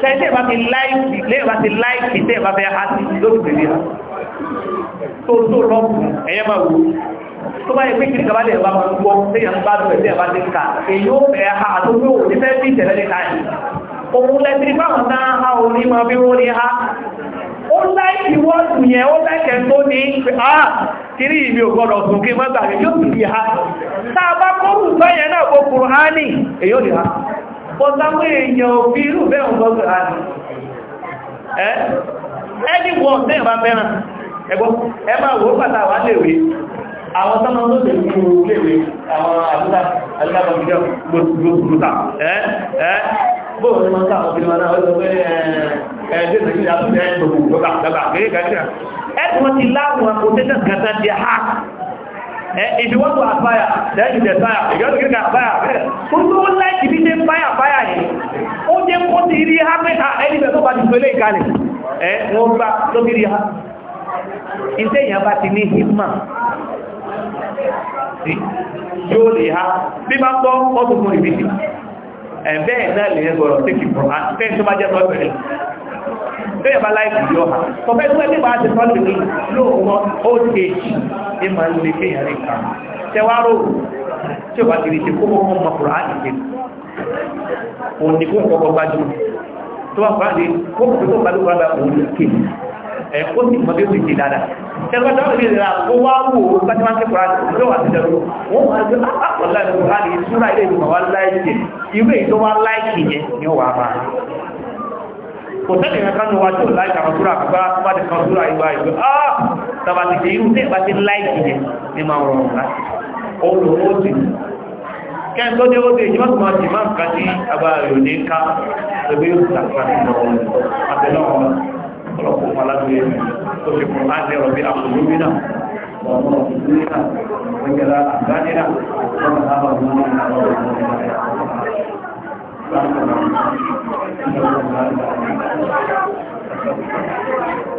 ṣẹ́ṣẹ́ bá ti láìkì lẹ́yìn bá ti láìkì tẹ́ bá fẹ́ á sí lórí ìgbèlè tó tó lọ́pù ẹ̀yẹ́ máa wù tó bá yẹ pé kiri kaba lè bá wọn gbọ́ téèyàn bá lọ ẹ̀sẹ̀ bá ti kà èyí ó fẹ́ ha àti ojú ò ní fẹ́ bí ìtẹ̀lẹ́ ní ká yìí òun lẹ́sìn fáwọn náà ha ò ní máa bí wọ́n ní ha ó láìkì wọ́ọ̀dù yẹn ó lẹ́kẹ̀ tó ní àà ah, kiri ìmì ògbọ́dọ̀ sùn kí mọ́gbà rẹ̀ yóò fi ha táa bá kọ́rù sọ́yẹ̀ náà kó kùrù ha ní èyó lè ha pọ̀tàwé èèyàn òbí irú bẹ́ẹ̀ ọ̀gọ́gọ́ ha ní ẹni wọ́n àwọn tọ́mọ tó tẹ̀lú léèwé àwọn àbúta alẹ́gbàgbà fídíò gbòòrùta ẹ́ ẹ́ bóòrùn ní máa ń sáwọn fídíò náà ọjọ́ pé ẹ̀ẹ́dẹ́ nàìjíríà tó jẹ́ gbogbo gbogbo kéré kàkíra ẹ́ tí wọ́n ti láwọn quotation kẹta di ha if you want to aspire then you desire if you want to get aspire kò tó ó láì ti fi ṣe fire fire yìí ó jẹ́ kó ti rí ha pé ha ẹni bẹ̀ ẹ́ wọ́n yóò lè ha bí bá gbọ́ ọdún fún ìbìtì ẹ̀bẹ́ náà lè gbọ́rọ̀ tí kìí fún àtẹ́ tó bá jẹ́ tọ́ ìbẹ̀rẹ̀ tó yẹ láìpù yọ ha tọ́fẹ́ tó ẹgbẹ́ bá ti tọ́lù ní lóòwọ́ old age ní ma ń lè fi ìyàrí kan tẹwárò tí ó bá ti rí ti kókó fún ọmọkùnrin àìsí òun ni kó kọ́kọ́ ẹ̀ ó sì mọ́ bí ó sì ṣe dáadáa tẹ́lifásitì wọn lè ra kó wá wò ó bá ti máa ń ké kúránì tó wà sí dẹrù wọn máa ń gbé àpọ̀lá ní ìṣúra ilé ìgbìmọ̀ wá láìkì irú èyí wá láìkì yẹn ni ó wà máa kò sẹ́ni ìrìn kan ní wájú láìka àwọn súra àgbà bá ti kan súra ìgbà ìgbà áà tàbà ti ṣe irú tẹ́ẹ̀ bá ti láìkì yẹn ni máa rọrùn láti ọ̀rọ̀ ó sì kẹ́ńtọ́ ní ó dé ìjọba tó máa ti máa ń ká sí agbára ìròyìn ká ẹgbẹ́ yóò ọlọ́pọ̀ fún alágbèrè mi tó fi kún láti ọ̀rọ̀ bí àkùnrúbínà ọmọ òṣìṣẹ́ ìgbẹ̀lá àgbánínà